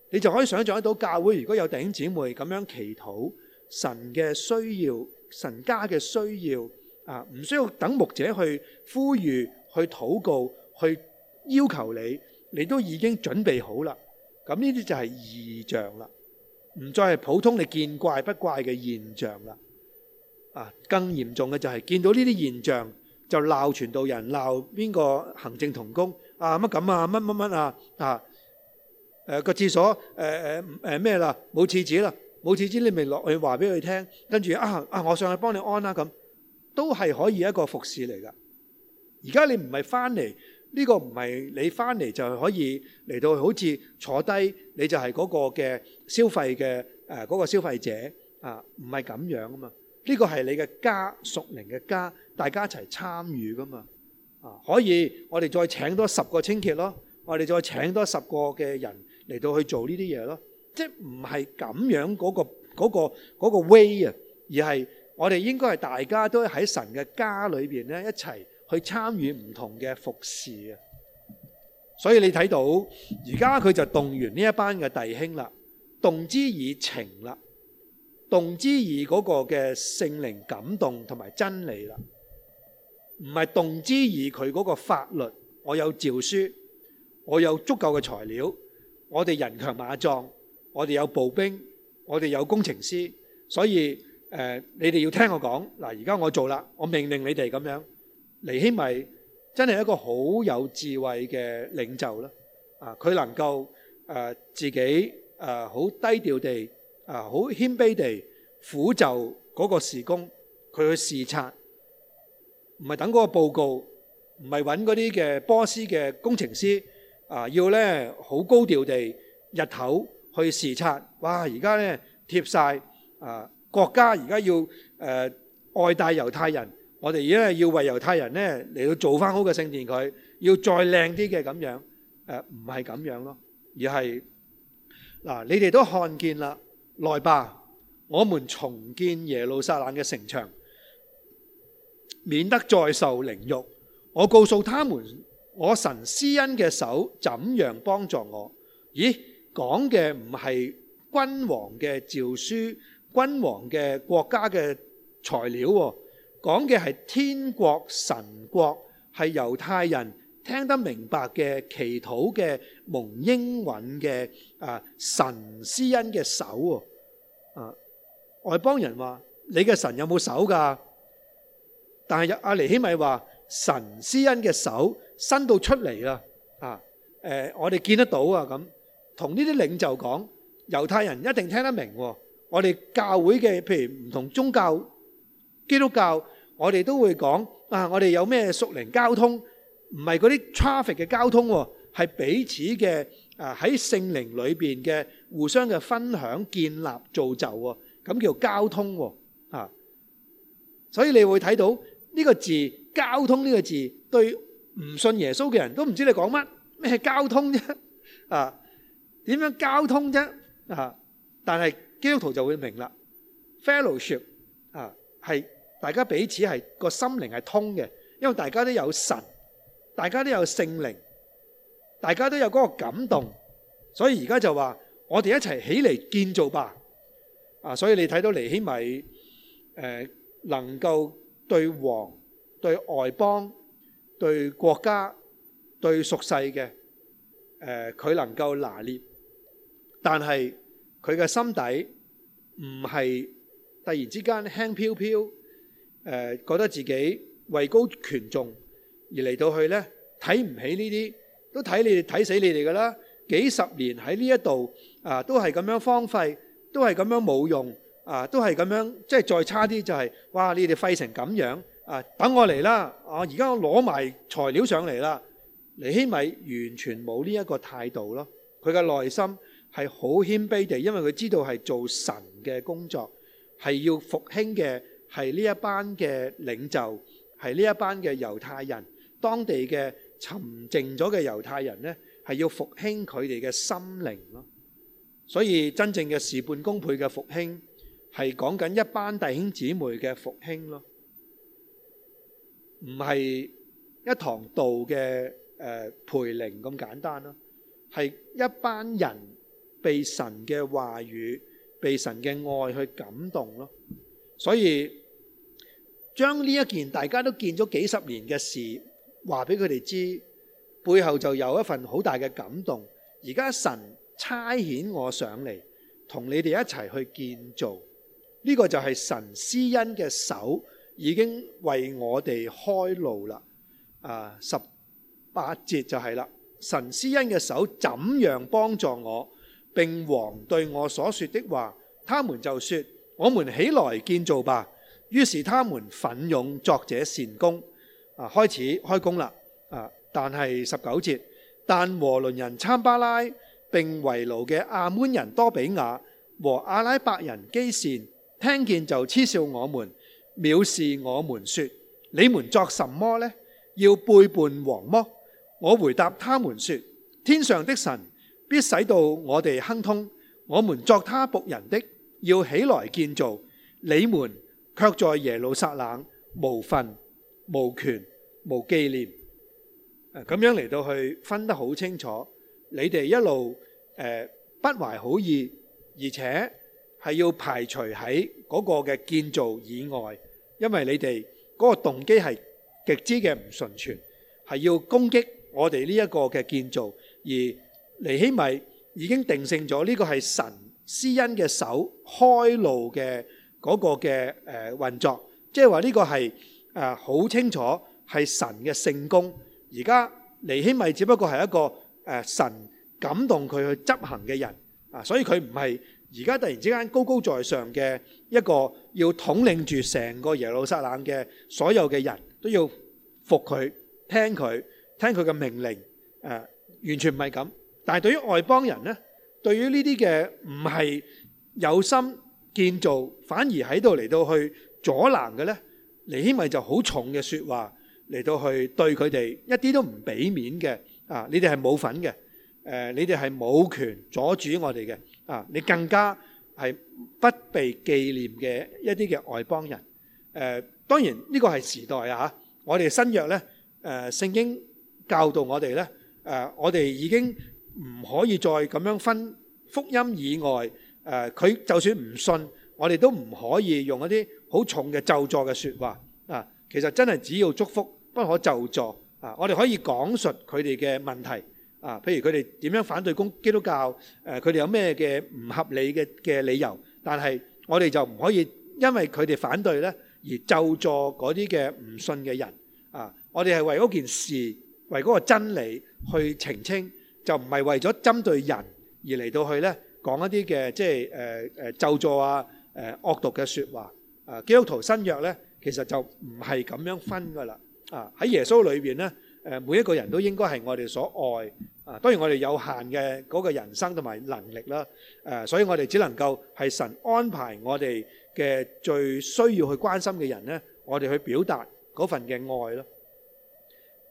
你就可以想像得到，教會如果有弟兄姊妹咁樣祈禱，神嘅需要、神家嘅需要啊，唔需要等牧者去呼籲、去禱告、去要求你，你都已經準備好啦。咁呢啲就係異象啦。唔再係普通你見怪不怪嘅現象啦，啊，更嚴重嘅就係見到呢啲現象就鬧傳道人，鬧邊個行政同工，啊乜咁啊，乜乜乜啊，啊，誒個廁所誒誒誒咩啦，冇廁紙啦，冇廁紙你咪落去話俾佢聽，跟住啊啊我上去幫你安啦咁，都係可以一個服侍嚟噶。而家你唔係翻嚟。呢個唔係你翻嚟就可以嚟到好似坐低，你就係嗰個嘅消費嘅誒嗰個消費者啊，唔係咁樣啊嘛！呢個係你嘅家屬靈嘅家，大家一齊參與噶嘛啊！可以，我哋再請多十個清潔咯，我哋再請多十個嘅人嚟到去做呢啲嘢咯。即係唔係咁樣嗰個嗰個嗰個 way 啊？而係我哋應該係大家都喺神嘅家裏面咧一齊。去參與唔同嘅服侍，啊，所以你睇到而家佢就動員呢一班嘅弟兄啦，動之以情啦，動之以嗰個嘅聖靈感動同埋真理啦，唔係動之以佢嗰個法律。我有詔書，我有足夠嘅材料，我哋人強馬壯，我哋有步兵，我哋有工程師，所以誒，你哋要聽我講嗱。而家我做啦，我命令你哋咁樣。尼希米真係一個好有智慧嘅領袖啦！啊，佢能夠誒自己誒好低調地啊，好謙卑地苦就嗰個事工，佢去視察，唔係等嗰個報告，唔係揾嗰啲嘅波斯嘅工程師啊，要咧好高調地日頭去視察。哇！而家咧貼晒啊，國家而家要誒愛戴猶太人。我哋而家要為猶太人咧嚟到做返好嘅聖殿，佢要再靚啲嘅咁樣，誒唔係咁樣咯，而係嗱你哋都看見啦，來吧，我們重建耶路撒冷嘅城牆，免得再受凌辱。我告訴他們，我神施恩嘅手怎樣幫助我。咦，講嘅唔係君王嘅詔書，君王嘅國家嘅材料喎。講嘅係天國、神國，係猶太人聽得明白嘅，祈禱嘅蒙應允嘅啊，神施恩嘅手喎啊，外邦人話你嘅神有冇手㗎？但係阿尼希米話神施恩嘅手伸到出嚟啦啊！誒，我哋見得到啊咁，同呢啲領袖講，猶太人一定聽得明喎。我哋教會嘅譬如唔同宗教基督教。我哋都會講啊！我哋有咩屬靈交通？唔係嗰啲 traffic 嘅交通，係彼此嘅啊！喺聖靈裏邊嘅互相嘅分享、建立、造就喎，咁叫交通喎啊！所以你會睇到呢個字「交通」呢個字，對唔信耶穌嘅人都唔知你講乜咩交通啫啊？點樣交通啫啊？但係基督徒就會明啦，fellowship 啊係。大家彼此係個心靈係通嘅，因為大家都有神，大家都有聖靈，大家都有嗰個感動，所以而家就話我哋一齊起嚟建造吧。啊，所以你睇到尼希米誒能夠對王、對外邦、對國家、對屬世嘅誒，佢、呃、能夠拿捏，但係佢嘅心底唔係突然之間輕飄飄。誒覺得自己位高權重，而嚟到去呢睇唔起呢啲，都睇你哋睇死你哋㗎啦！幾十年喺呢一度啊，都係咁樣荒廢，都係咁樣冇用啊，都係咁樣即係再差啲就係哇！你哋廢成咁樣啊，等我嚟啦！啊，而家我攞埋材料上嚟啦，尼希米完全冇呢一個態度咯。佢嘅內心係好謙卑地，因為佢知道係做神嘅工作，係要復興嘅。係呢一班嘅領袖，係呢一班嘅猶太人，當地嘅沉靜咗嘅猶太人呢，係要復興佢哋嘅心靈咯。所以真正嘅事半功倍嘅復興，係講緊一班弟兄姊妹嘅復興咯，唔係一堂道嘅誒培靈咁簡單咯，係一班人被神嘅話語、被神嘅愛去感動咯，所以。將呢一件大家都見咗幾十年嘅事，話俾佢哋知，背後就有一份好大嘅感動。而家神差遣我上嚟，同你哋一齊去建造，呢、這個就係神施恩嘅手已經為我哋開路啦。啊，十八節就係啦，神施恩嘅手怎樣幫助我，並王對我所說的話，他們就說：我們起來建造吧。於是他們卻在耶路撒冷無份、無權、無紀念，誒咁樣嚟到去分得好清楚。你哋一路、呃、不懷好意，而且係要排除喺嗰個嘅建造以外，因為你哋嗰個動機係極之嘅唔純全，係要攻擊我哋呢一個嘅建造，而尼希米已經定性咗呢、這個係神施恩嘅手開路嘅。嗰個嘅誒運作，即係話呢個係誒好清楚係神嘅聖工。而家尼希米只不過係一個誒神感動佢去執行嘅人啊，所以佢唔係而家突然之間高高在上嘅一個要統領住成個耶路撒冷嘅所有嘅人都要服佢，聽佢，聽佢嘅命令誒，完全唔係咁。但係對於外邦人呢，對於呢啲嘅唔係有心。建造反而喺度嚟到去阻攔嘅咧，尼希米就好重嘅説話嚟到去對佢哋一啲都唔俾面嘅啊！你哋係冇份嘅，誒你哋係冇權阻止我哋嘅啊！你更加係不被記念嘅一啲嘅外邦人誒。當然呢個係時代啊吓！我哋新約咧誒聖經教導我哋咧誒，我哋已經唔可以再咁樣分福音以外。誒佢就算唔信，我哋都唔可以用一啲好重嘅咒詛嘅說話啊！其實真係只要祝福，不可咒詛。啊！我哋可以講述佢哋嘅問題啊，譬如佢哋點樣反對公基督教誒，佢哋有咩嘅唔合理嘅嘅理由，但係我哋就唔可以因為佢哋反對呢而咒詛嗰啲嘅唔信嘅人啊！我哋係為嗰件事、為嗰個真理去澄清，就唔係為咗針對人而嚟到去呢。講一啲嘅即係誒誒咒詛啊、誒惡毒嘅説話啊，基督徒新約咧，其實就唔係咁樣分噶啦啊！喺耶穌裏邊咧，誒每一個人都應該係我哋所愛啊。當然我哋有限嘅嗰個人生同埋能力啦，誒，所以我哋只能夠係神安排我哋嘅最需要去關心嘅人咧，我哋去表達嗰份嘅愛咯。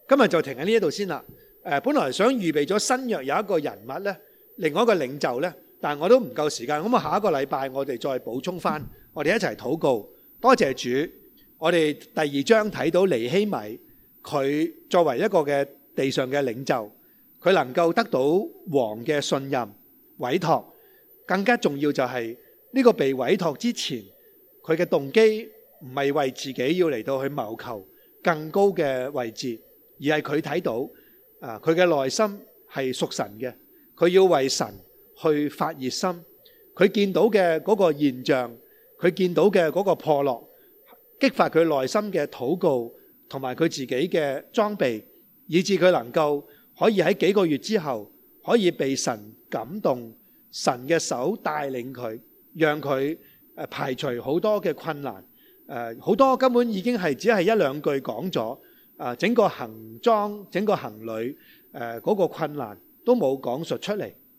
今日就停喺呢一度先啦。誒，本來想預備咗新約有一個人物咧，另外一個領袖咧。但係我都唔夠時間，咁啊下一個禮拜我哋再補充返，我哋一齊禱告。多謝主，我哋第二章睇到尼希米，佢作為一個嘅地上嘅領袖，佢能夠得到王嘅信任委託，更加重要就係呢個被委託之前，佢嘅動機唔係為自己要嚟到去謀求更高嘅位置，而係佢睇到啊佢嘅內心係屬神嘅，佢要為神，去發熱心。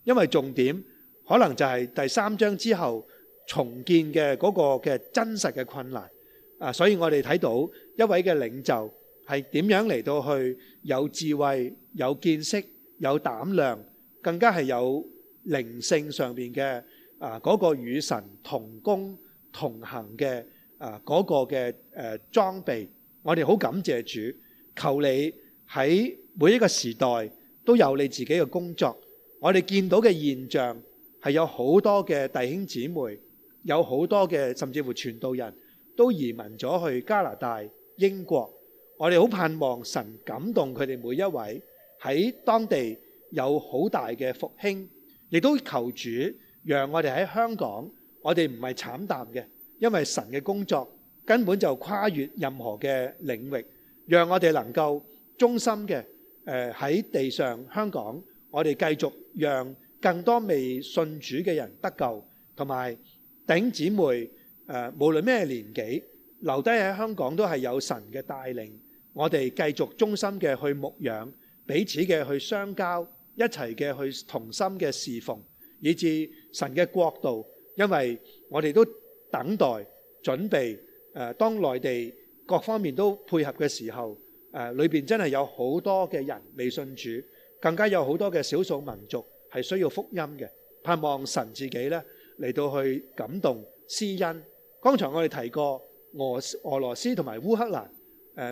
因為重點可能就係第三章之後重建嘅嗰個嘅真實嘅困難啊，所以我哋睇到一位嘅領袖係點樣嚟到去有智慧、有見識、有膽量，更加係有靈性上面嘅啊嗰個與神同工同行嘅啊嗰個嘅誒裝備，我哋好感謝主，求你喺每一個時代都有你自己嘅工作。我哋見到嘅現象係有好多嘅弟兄姊妹，有好多嘅甚至乎傳道人都移民咗去加拿大、英國。我哋好盼望神感動佢哋每一位喺當地有好大嘅復興，亦都求主讓我哋喺香港，我哋唔係慘淡嘅，因為神嘅工作根本就跨越任何嘅領域，讓我哋能夠忠心嘅誒喺地上香港，我哋繼續。讓更多未信主嘅人得救，同埋，頂姊妹，誒，無論咩年紀，留低喺香港都係有神嘅帶領，我哋繼續忠心嘅去牧養，彼此嘅去相交，一齊嘅去同心嘅侍奉，以致神嘅國度，因為我哋都等待、準備，誒當內地各方面都配合嘅時候，誒裏邊真係有好多嘅人未信主，更加有好多嘅少數民族係需要福音嘅，盼望神自己咧嚟到去感動施恩。剛才我哋提過俄俄羅斯同埋烏克蘭，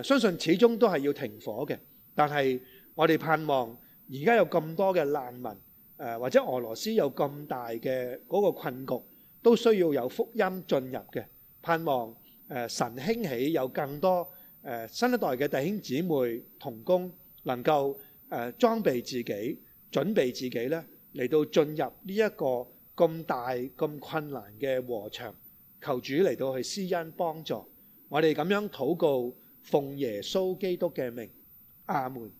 誒相信始終都係要停火嘅。但係我哋盼望而家有咁多嘅難民，誒或者俄羅斯有咁大嘅嗰個困局，都需要有福音進入嘅。盼望誒神興起有更多誒新一代嘅弟兄姊妹同工能夠。誒裝備自己，準備自己咧，嚟到進入呢一個咁大咁困難嘅禾場，求主嚟到去施恩幫助我哋，咁樣禱告，奉耶穌基督嘅名，阿門。